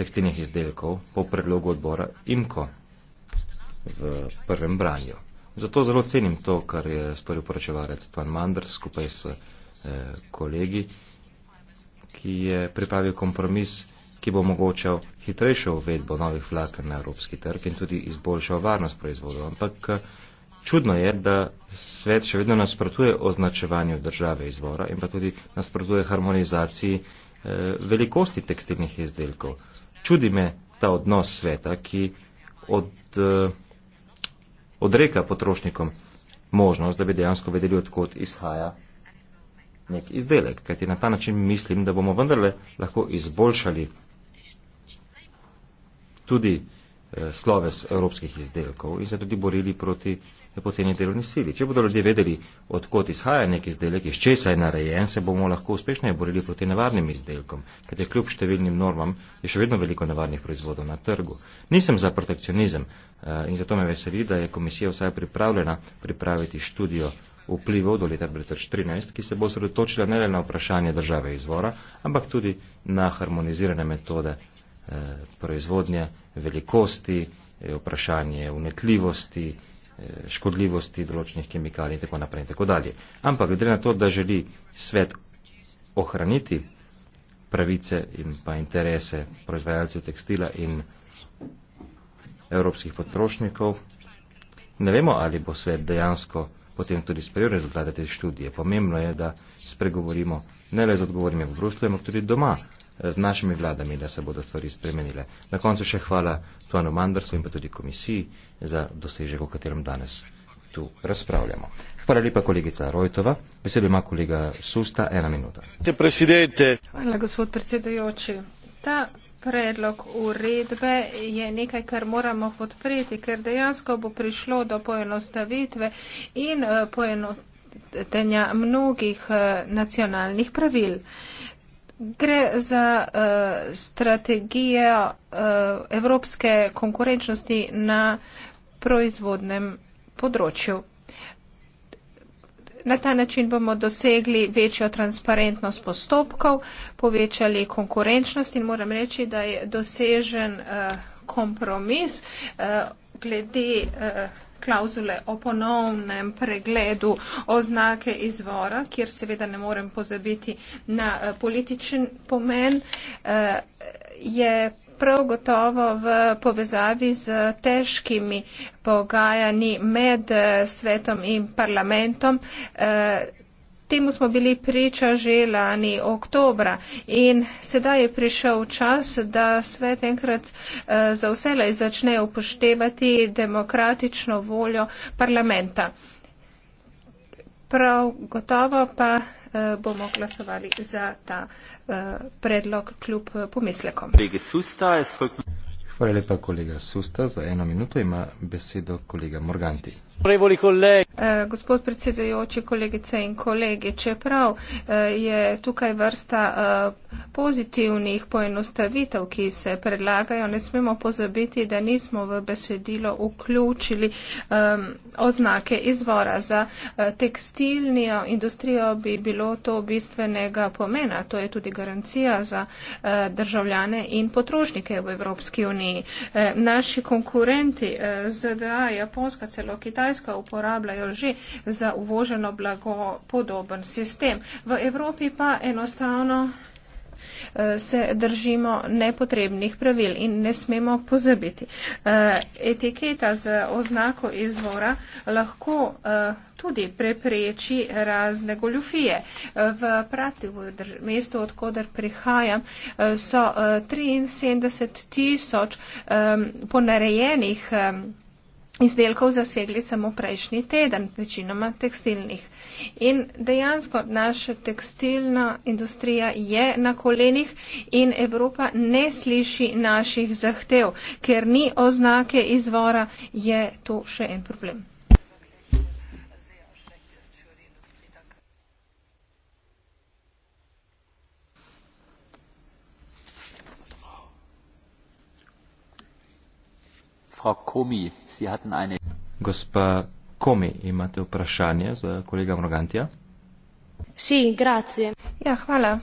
tekstilnih izdelkov po predlogu odbora IMKO v prvem branju. Zato zelo cenim to, kar je storil poročevalec Tvan Mandr skupaj s eh, kolegi, ki je pripravil kompromis ki bo omogočal hitrejšo uvedbo novih vlaken na evropski trg in tudi izboljšal varnost proizvodov. Ampak čudno je, da svet še vedno nasprotuje označevanju države izvora in pa tudi nasprotuje harmonizaciji eh, velikosti tekstilnih izdelkov. Čudi me ta odnos sveta, ki od, eh, odreka potrošnikom možnost, da bi dejansko vedeli, odkot izhaja nek izdelek, kajti na ta način mislim, da bomo vendarle lahko izboljšali tudi eh, sloves evropskih izdelkov in se tudi borili proti poceni delovni sili. Če bodo ljudje vedeli, odkot izhaja nek izdelek, iz česa je narejen, se bomo lahko uspešno borili proti nevarnim izdelkom, ker je kljub številnim normam je še vedno veliko nevarnih proizvodov na trgu. Nisem za protekcionizem eh, in zato me veseli, da je komisija vsaj pripravljena pripraviti študijo vplivov do leta 2014, ki se bo sredotočila ne le na vprašanje države izvora, ampak tudi na harmonizirane metode Eh, proizvodnje, velikosti, vprašanje unetljivosti, eh, škodljivosti določenih kemikalij in tako naprej in tako dalje. Ampak glede na to, da želi svet ohraniti pravice in pa interese proizvajalcev tekstila in evropskih potrošnikov, ne vemo, ali bo svet dejansko potem tudi sprejel rezultate te študije. Pomembno je, da spregovorimo ne le z odgovorimi v Bruslju, ampak tudi doma z našimi vladami, da se bodo stvari spremenile. Na koncu še hvala Tuanu Mandrsu in pa tudi komisiji za dosežek, o katerem danes tu razpravljamo. Hvala lepa kolegica Rojtova. Besedo ima kolega Susta, ena minuta. Hvala, gospod predsedujoči. Ta predlog uredbe je nekaj, kar moramo podpreti, ker dejansko bo prišlo do poenostavitve in eh, poenostavitve mnogih eh, nacionalnih pravil. Gre za uh, strategijo uh, evropske konkurenčnosti na proizvodnem področju. Na ta način bomo dosegli večjo transparentnost postopkov, povečali konkurenčnost in moram reči, da je dosežen uh, kompromis uh, glede. Uh, klauzule o ponovnem pregledu oznake izvora, kjer seveda ne morem pozabiti na eh, političen pomen, eh, je prav gotovo v povezavi z težkimi pogajanji med eh, svetom in parlamentom Temu smo bili priča že lani oktobra in sedaj je prišel čas, da svet enkrat eh, za vselej začne upoštevati demokratično voljo parlamenta. Prav gotovo pa eh, bomo glasovali za ta eh, predlog kljub pomislekom. Hvala lepa, kolega Susta. Za eno minuto ima besedo kolega Morganti. Eh, gospod predsedujoči, kolegice in kolegi, čeprav eh, je tukaj vrsta eh, pozitivnih poenostavitev, ki se predlagajo, ne smemo pozabiti, da nismo v besedilo vključili ehm, oznake izvora. Za tekstilnijo industrijo bi bilo to bistvenega pomena. To je tudi garancija za državljane in potrošnike v Evropski uniji. Naši konkurenti ZDA, Japonska, celo Kitajska, Kitajska uporabljajo že za uvoženo blago podoben sistem. V Evropi pa enostavno eh, se držimo nepotrebnih pravil in ne smemo pozabiti. Eh, etiketa z oznako izvora lahko eh, tudi prepreči razne goljufije. V prati v mestu, odkoder prihajam, so 73 tisoč ponarejenih izdelkov zasegli samo prejšnji teden, večinoma tekstilnih. In dejansko naša tekstilna industrija je na kolenih in Evropa ne sliši naših zahtev, ker ni oznake izvora, je to še en problem. Gospa Komi, imate vprašanje za kolega Morgantija? Ja, hvala.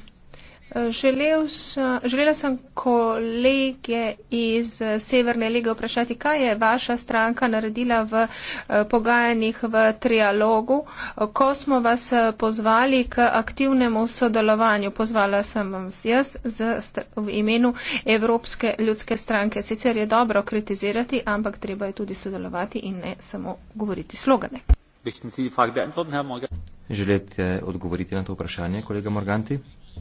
Želel sem, želela sem kolege iz Severne lige vprašati, kaj je vaša stranka naredila v eh, pogajanjih v trialogu, ko smo vas eh, pozvali k aktivnemu sodelovanju. Pozvala sem vas jaz z, v imenu Evropske ljudske stranke. Sicer je dobro kritizirati, ampak treba je tudi sodelovati in ne samo govoriti slogane. Želite odgovoriti na to vprašanje, kolega Morganti?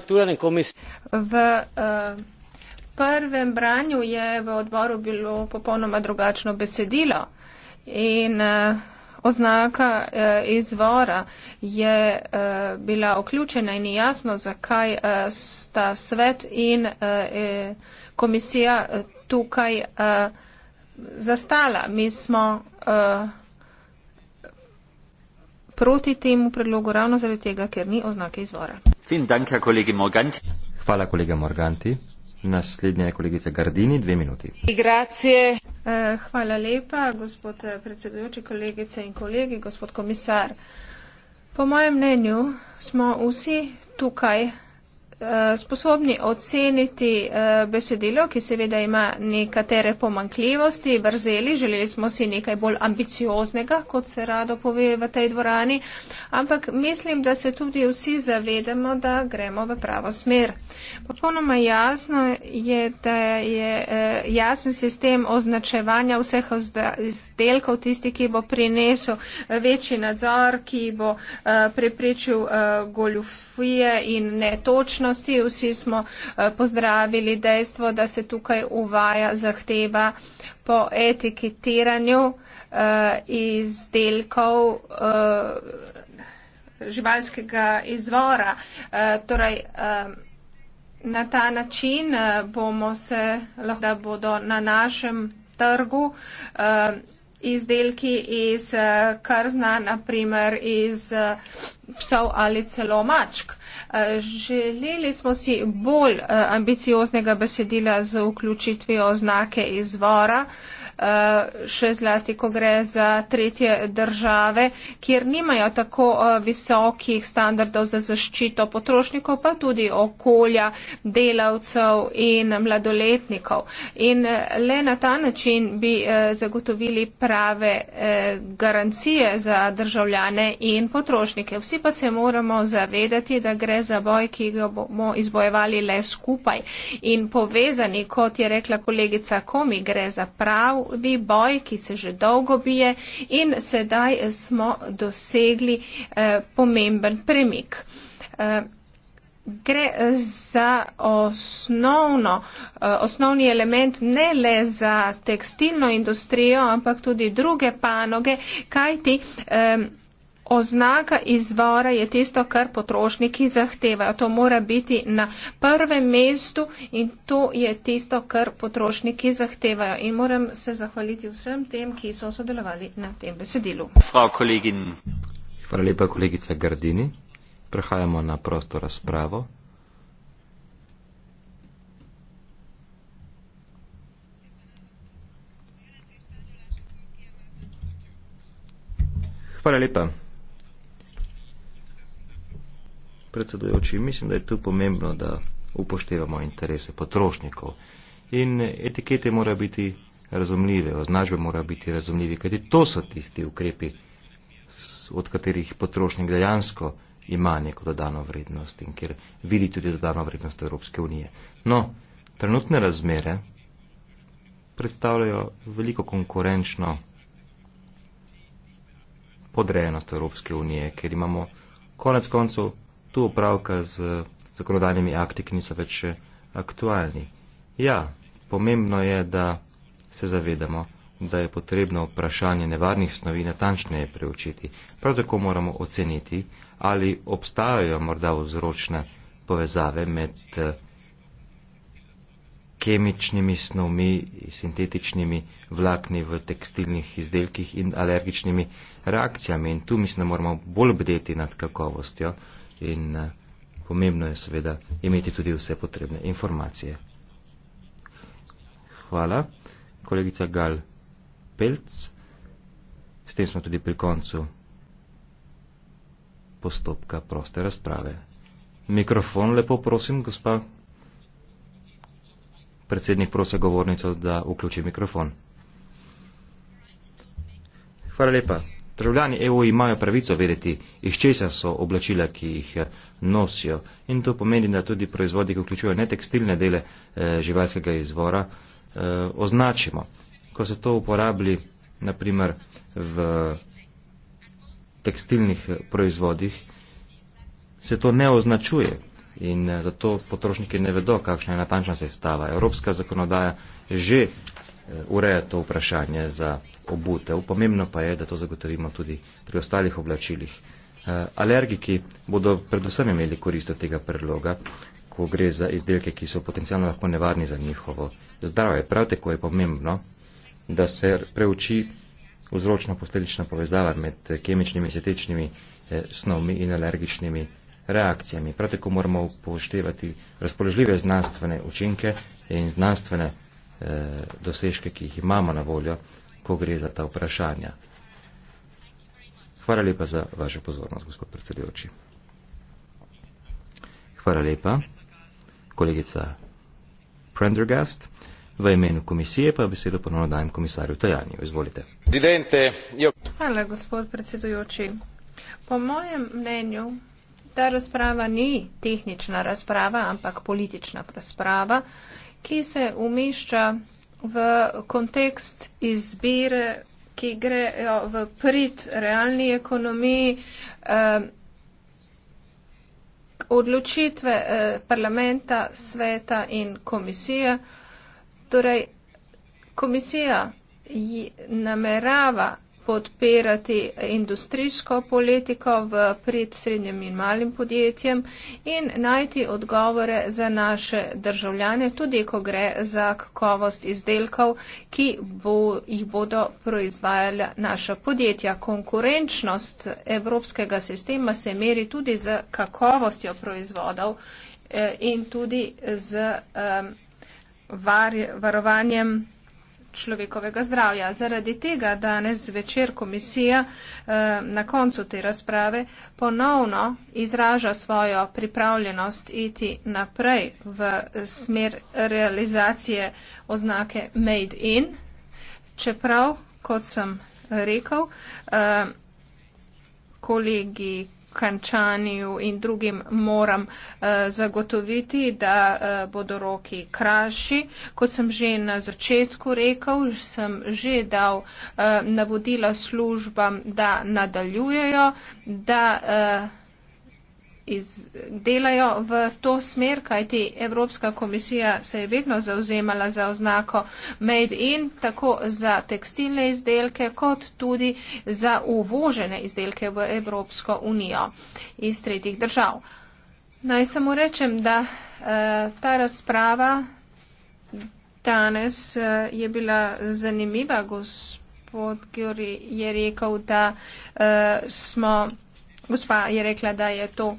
V uh, prvem branju je v odboru bilo popolnoma drugačno besedilo in uh, oznaka uh, izvora je uh, bila vključena in ni jasno, zakaj uh, sta svet in uh, eh, komisija tukaj uh, zastala. Mi smo uh, proti temu predlogu ravno zaradi tega, ker ni oznake izvora. Hvala, kolega Morganti. Naslednja je kolegica Gardini, dve minuti. Migracije. Eh, hvala lepa, gospod eh, predsedujoči, kolegice in kolegi, gospod komisar. Po mojem mnenju smo vsi tukaj Eh, sposobni oceniti eh, besedilo, ki seveda ima nekatere pomankljivosti, brzeli, želeli smo si nekaj bolj ambicioznega, kot se rado pove v tej dvorani, ampak mislim, da se tudi vsi zavedamo, da gremo v pravo smer. Popolnoma jasno je, da je eh, jasen sistem označevanja vseh izdelkov tisti, ki bo prinesel večji nadzor, ki bo pripričal goljufije in netočno, možnosti. Vsi smo eh, pozdravili dejstvo, da se tukaj uvaja zahteva po etiketiranju eh, izdelkov eh, živalskega izvora. Torej, na ta način bomo se lahko, da bodo na našem trgu izdelki iz krzna, naprimer iz psov ali celo mačk. Eh, želeli smo si bolj eh, ambicioznega besedila z vključitvijo oznake izvora. Eh, še zlasti, ko gre za tretje države, kjer nimajo tako eh, visokih standardov za zaščito potrošnikov, pa tudi okolja, delavcev in mladoletnikov. In eh, le na ta način bi zagotovili prave garancije za državljane in potrošnike. Vsi pa se moramo zavedati, da gre za boj, ki ga bomo izbojevali le skupaj in povezani, kot je rekla kolegica Komi, gre za prav novi boj, ki se že dolgo bije in sedaj smo dosegli eh, pomemben premik. Eh, gre za osnovno, eh, osnovni element ne le za tekstilno industrijo, ampak tudi druge panoge, kajti. Um Oznaka izvora je tisto, kar potrošniki zahtevajo. To mora biti na prvem mestu in to je tisto, kar potrošniki zahtevajo. In moram se zahvaliti vsem tem, ki so sodelovali na tem besedilu. Hvala lepa, kolegica Gardini. Prehajamo na prosto razpravo. Hvala lepa. predsedujoči, mislim, da je tu pomembno, da upoštevamo interese potrošnikov. In etikete mora biti razumljive, označbe mora biti razumljive, kajti to so tisti ukrepi, od katerih potrošnik dejansko ima neko dodano vrednost in kjer vidi tudi dodano vrednost Evropske unije. No, trenutne razmere predstavljajo veliko konkurenčno podrejenost Evropske unije, ker imamo konec koncev tu opravka z zakonodajnimi akti, ki niso več eh, aktualni. Ja, pomembno je, da se zavedamo, da je potrebno vprašanje nevarnih snovi natančneje preučiti. Prav tako moramo oceniti, ali obstajajo morda vzročne povezave med eh, kemičnimi snovmi, sintetičnimi vlakni v tekstilnih izdelkih in alergičnimi reakcijami. In tu mislim, da moramo bolj bdeti nad kakovostjo, in eh, pomembno je seveda imeti tudi vse potrebne informacije. Hvala, kolegica Gal Pelc. S tem smo tudi pri koncu postopka proste razprave. Mikrofon lepo prosim, gospa. Predsednik prosa govornico, da vključi mikrofon. Hvala lepa. Državljani EU imajo pravico vedeti, iz česa so oblačila, ki jih eh, nosijo. In to pomeni, da tudi proizvodi, ki vključujejo ne tekstilne dele eh, živalskega izvora, eh, označimo. Ko se to uporabi, naprimer, v tekstilnih eh, proizvodih, se to ne označuje in eh, zato potrošniki ne vedo, kakšna je natančna sestava. Evropska zakonodaja že ureja to vprašanje za obutev. Pomembno pa je, da to zagotovimo tudi pri ostalih oblačilih. Eh, alergiki bodo predvsem imeli korist od tega predloga, ko gre za izdelke, ki so potencialno lahko nevarni za njihovo zdravje. Prav tako je pomembno, da se preuči vzročno-posteljična povezava med kemičnimi in svetečnimi eh, snovmi in alergičnimi reakcijami. Prav tako moramo upoštevati razpoložljive znanstvene učinke in znanstvene eh, dosežke, ki jih imamo na voljo ko gre za ta vprašanja. Hvala lepa za vašo pozornost, gospod predsedujoči. Hvala lepa, kolegica Prendergast. V imenu komisije pa besedo ponovno dajem komisarju Tajanju. Izvolite. Hvala, gospod predsedujoči. Po mojem mnenju ta razprava ni tehnična razprava, ampak politična razprava, ki se umešča v kontekst izbire, ki grejo v prid realni ekonomiji, eh, odločitve eh, parlamenta, sveta in komisije. Torej, komisija namerava podpirati industrijsko politiko v prid srednjim in malim podjetjem in najti odgovore za naše državljane, tudi ko gre za kakovost izdelkov, ki bo, jih bodo proizvajala naša podjetja. Konkurenčnost evropskega sistema se meri tudi z kakovostjo proizvodov eh, in tudi z um, eh, var, varovanjem človekovega zdravja. Zaradi tega danes večer komisija eh, na koncu te razprave ponovno izraža svojo pripravljenost iti naprej v smer realizacije oznake Made in, čeprav, kot sem rekel, eh, kolegi kančanju in drugim moram eh, zagotoviti, da eh, bodo roki krajši. Kot sem že na začetku rekel, sem že dal eh, navodila službam, da nadaljujejo, da delajo v to smer, kajti Evropska komisija se je vedno zauzemala za oznako made in, tako za tekstilne izdelke, kot tudi za uvožene izdelke v Evropsko unijo iz tretjih držav. Naj samo rečem, da eh, ta razprava danes eh, je bila zanimiva. Gospod Gjuri je rekel, da eh, smo Gospa je rekla, da je to uh,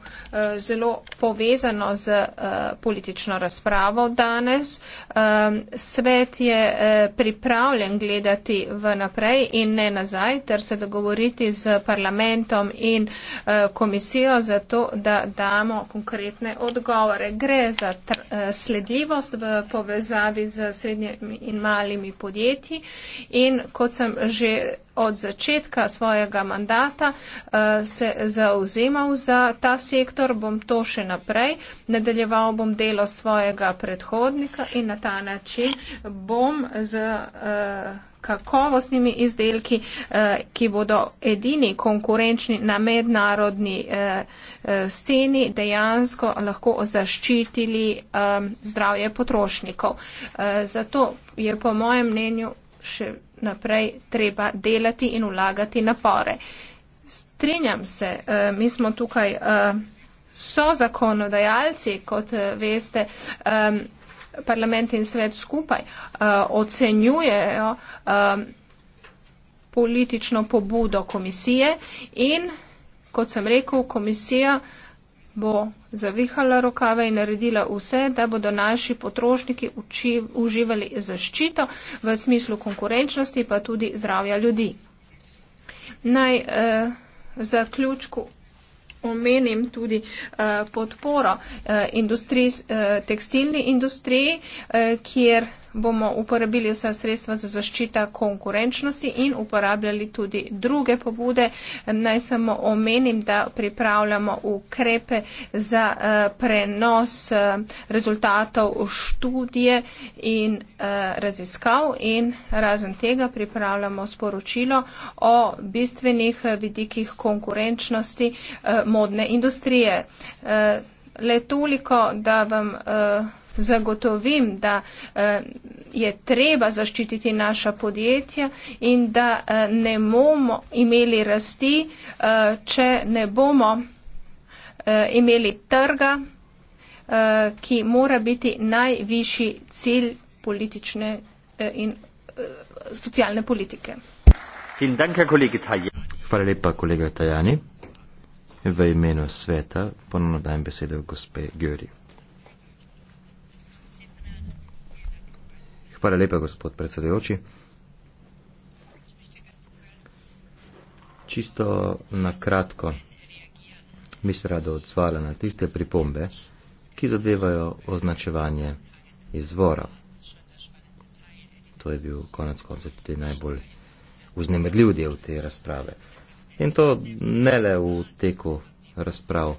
zelo povezano z uh, politično razpravo danes. Um, svet je uh, pripravljen gledati v naprej in ne nazaj, ter se dogovoriti z parlamentom in uh, komisijo za to, da damo konkretne odgovore. Gre za uh, sledljivost v povezavi z srednjimi in malimi podjetji in kot sem že od začetka svojega mandata eh, se zauzemal za ta sektor, bom to še naprej, nadaljeval bom delo svojega predhodnika in na ta način bom z eh, kakovostnimi izdelki, eh, ki bodo edini konkurenčni na mednarodni sceni, dejansko lahko zaščitili zdravje potrošnikov. Zato je po mojem mnenju še naprej treba delati in vlagati napore. Strinjam se, eh, mi smo tukaj eh, so zakonodajalci, kot eh, veste, parlament in svet skupaj ocenjujejo politično pobudo komisije in, kot sem rekel, komisija bo zavihala rokave in naredila vse, da bodo naši potrošniki učiv, uživali zaščito v smislu konkurenčnosti, pa tudi zdravja ljudi. Naj eh, zaključku omenim tudi eh, podporo eh, industrij, eh, tekstilni industriji, eh, kjer bomo uporabili vsa sredstva za zaščita konkurenčnosti in uporabljali tudi druge pobude. Naj samo omenim, da pripravljamo ukrepe za eh, prenos eh, rezultatov študije in eh, raziskav in razen tega pripravljamo sporočilo o bistvenih vidikih konkurenčnosti modne industrije. Le toliko, da vam uh zagotovim, da eh, je treba zaščititi naša podjetja in da eh, ne bomo imeli rasti, eh, če ne bomo imeli trga, ki mora biti najvišji cilj politične in socialne politike. Hvala lepa, kolega Tajani. V imenu sveta ponovno dajem besedo gospe Gjuri. Hvala lepa, gospod predsedujoči. Čisto na kratko bi se rado odzvala na tiste pripombe, ki zadevajo označevanje izvora. To je bil konec konca tudi najbolj vznemirljiv del te razprave. In to ne le v teku razprav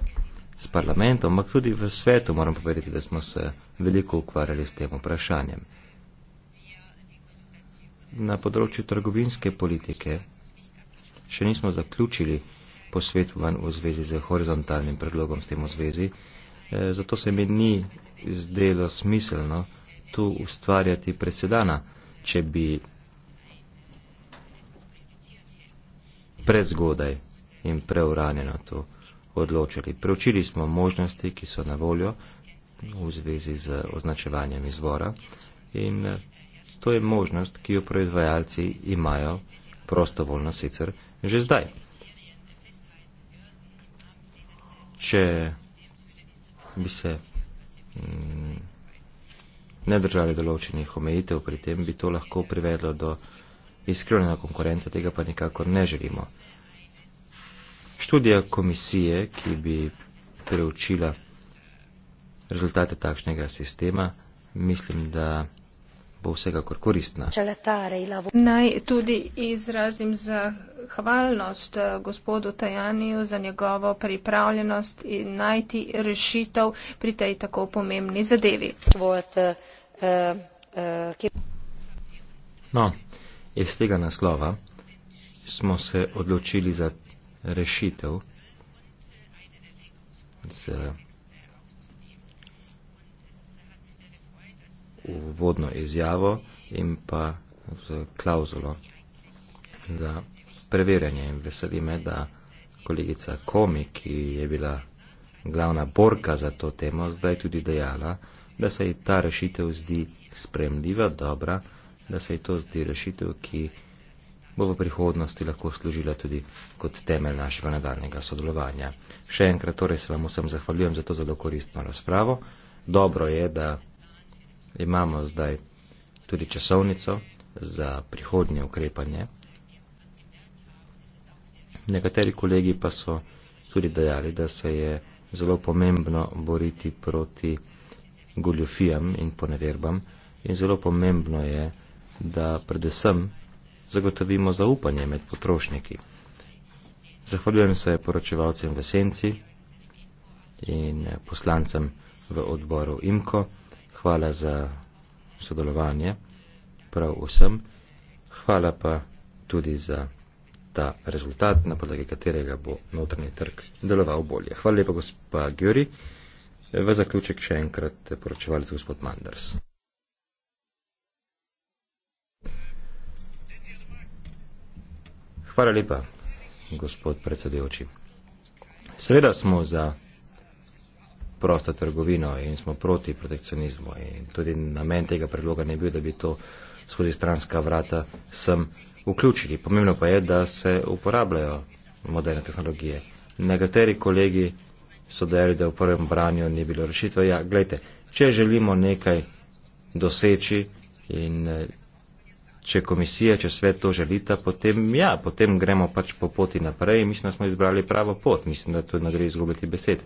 s parlamentom, ampak tudi v svetu moram povedati, da smo se veliko ukvarjali s tem vprašanjem na področju trgovinske politike še nismo zaključili posvetovanj v zvezi z horizontalnim predlogom s tem v zvezi, eh, zato se mi ni zdelo smiselno tu ustvarjati presedana, če bi prezgodaj in preuranjeno to odločili. Preučili smo možnosti, ki so na voljo v zvezi z označevanjem izvora in eh, To je možnost, ki jo proizvajalci imajo prostovoljno sicer že zdaj. Če bi se mm, ne držali določenih omejitev pri tem, bi to lahko privedlo do iskrivljena konkurenca, tega pa nikakor ne želimo. Študija komisije, ki bi preučila rezultate takšnega sistema, mislim, da bo vsekakor koristna. Naj tudi izrazim zahvalnost eh, gospodu Tajaniju za njegovo pripravljenost in najti rešitev pri tej tako pomembni zadevi. Eh, eh, no, iz tega naslova smo se odločili za rešitev z uvodno izjavo in pa z klauzulo za preverjanje. In veseli me, da kolegica Komi, ki je bila glavna borka za to temo, zdaj tudi dejala, da se ji ta rešitev zdi spremljiva, dobra, da se ji to zdi rešitev, ki bo v prihodnosti lahko služila tudi kot temelj našega nadaljnega sodelovanja. Še enkrat torej se vam vsem zahvaljujem za to zelo koristno razpravo. Dobro je, da imamo zdaj tudi časovnico za prihodnje ukrepanje. Nekateri kolegi pa so tudi dejali, da se je zelo pomembno boriti proti goljofijam in poneverbam in zelo pomembno je, da predvsem zagotovimo zaupanje med potrošniki. Zahvaljujem se poročevalcem v Senci in poslancem v odboru IMKO hvala za sodelovanje prav vsem, hvala pa tudi za ta rezultat, na podlagi katerega bo notranji trg deloval bolje. Hvala lepa, gospa Gjuri. V zaključek še enkrat poročevalec gospod Manders. Hvala lepa, gospod predsedujoči. Seveda smo za prosto trgovino in smo proti protekcionizmu. In tudi namen tega predloga ne bil, da bi to skozi stranska vrata sem vključili. Pomembno pa je, da se uporabljajo moderne tehnologije. Nekateri kolegi so dejali, da v prvem branju ni bilo rešitve. Ja, gledajte, če želimo nekaj doseči in eh, če komisija, če svet to želita, potem ja, potem gremo pač po poti naprej in mislim, da smo izbrali pravo pot. Mislim, da tu ne gre izgubiti besede.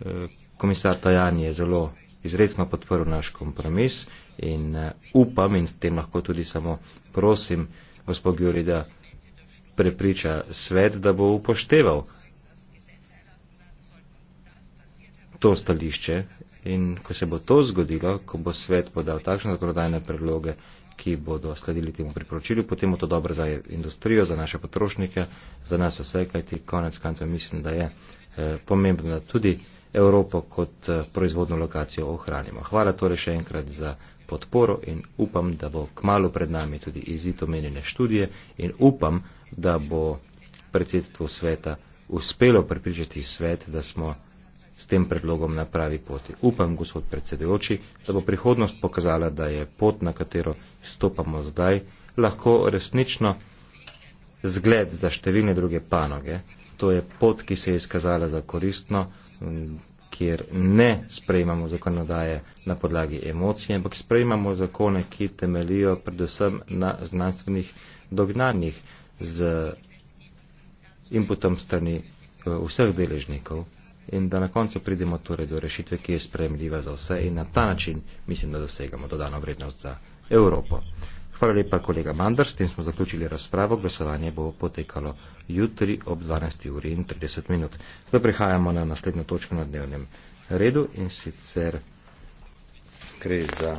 Eh, komisar Tajani je zelo izredno podprl naš kompromis in eh, upam in s tem lahko tudi samo prosim gospod Juri, da prepriča svet, da bo upošteval to stališče in ko se bo to zgodilo, ko bo svet podal takšne zakonodajne predloge, ki bodo sledili temu priporočilu, potem bo to dobro za industrijo, za naše potrošnike, za nas vse, kajti konec konca mislim, da je eh, pomembno tudi. Evropo kot eh, proizvodno lokacijo ohranimo. Hvala torej še enkrat za podporo in upam, da bo kmalo pred nami tudi izid omenjene študije in upam, da bo predsedstvo sveta uspelo pripričati svet, da smo s tem predlogom na pravi poti. Upam, gospod predsedujoči, da bo prihodnost pokazala, da je pot, na katero stopamo zdaj, lahko resnično zgled za številne druge panoge to je pot, ki se je izkazala za koristno, kjer ne sprejmamo zakonodaje na podlagi emocij, ampak sprejmamo zakone, ki temelijo predvsem na znanstvenih dognanjih z inputom strani e, vseh deležnikov in da na koncu pridemo torej do rešitve, ki je sprejemljiva za vse in na ta način mislim, da dosegamo dodano vrednost za Evropo. Hvala lepa, kolega Mandar. S tem smo zaključili razpravo. Glasovanje bo potekalo jutri ob 12.30. Zdaj prehajamo na naslednjo točko na dnevnem redu in sicer gre za.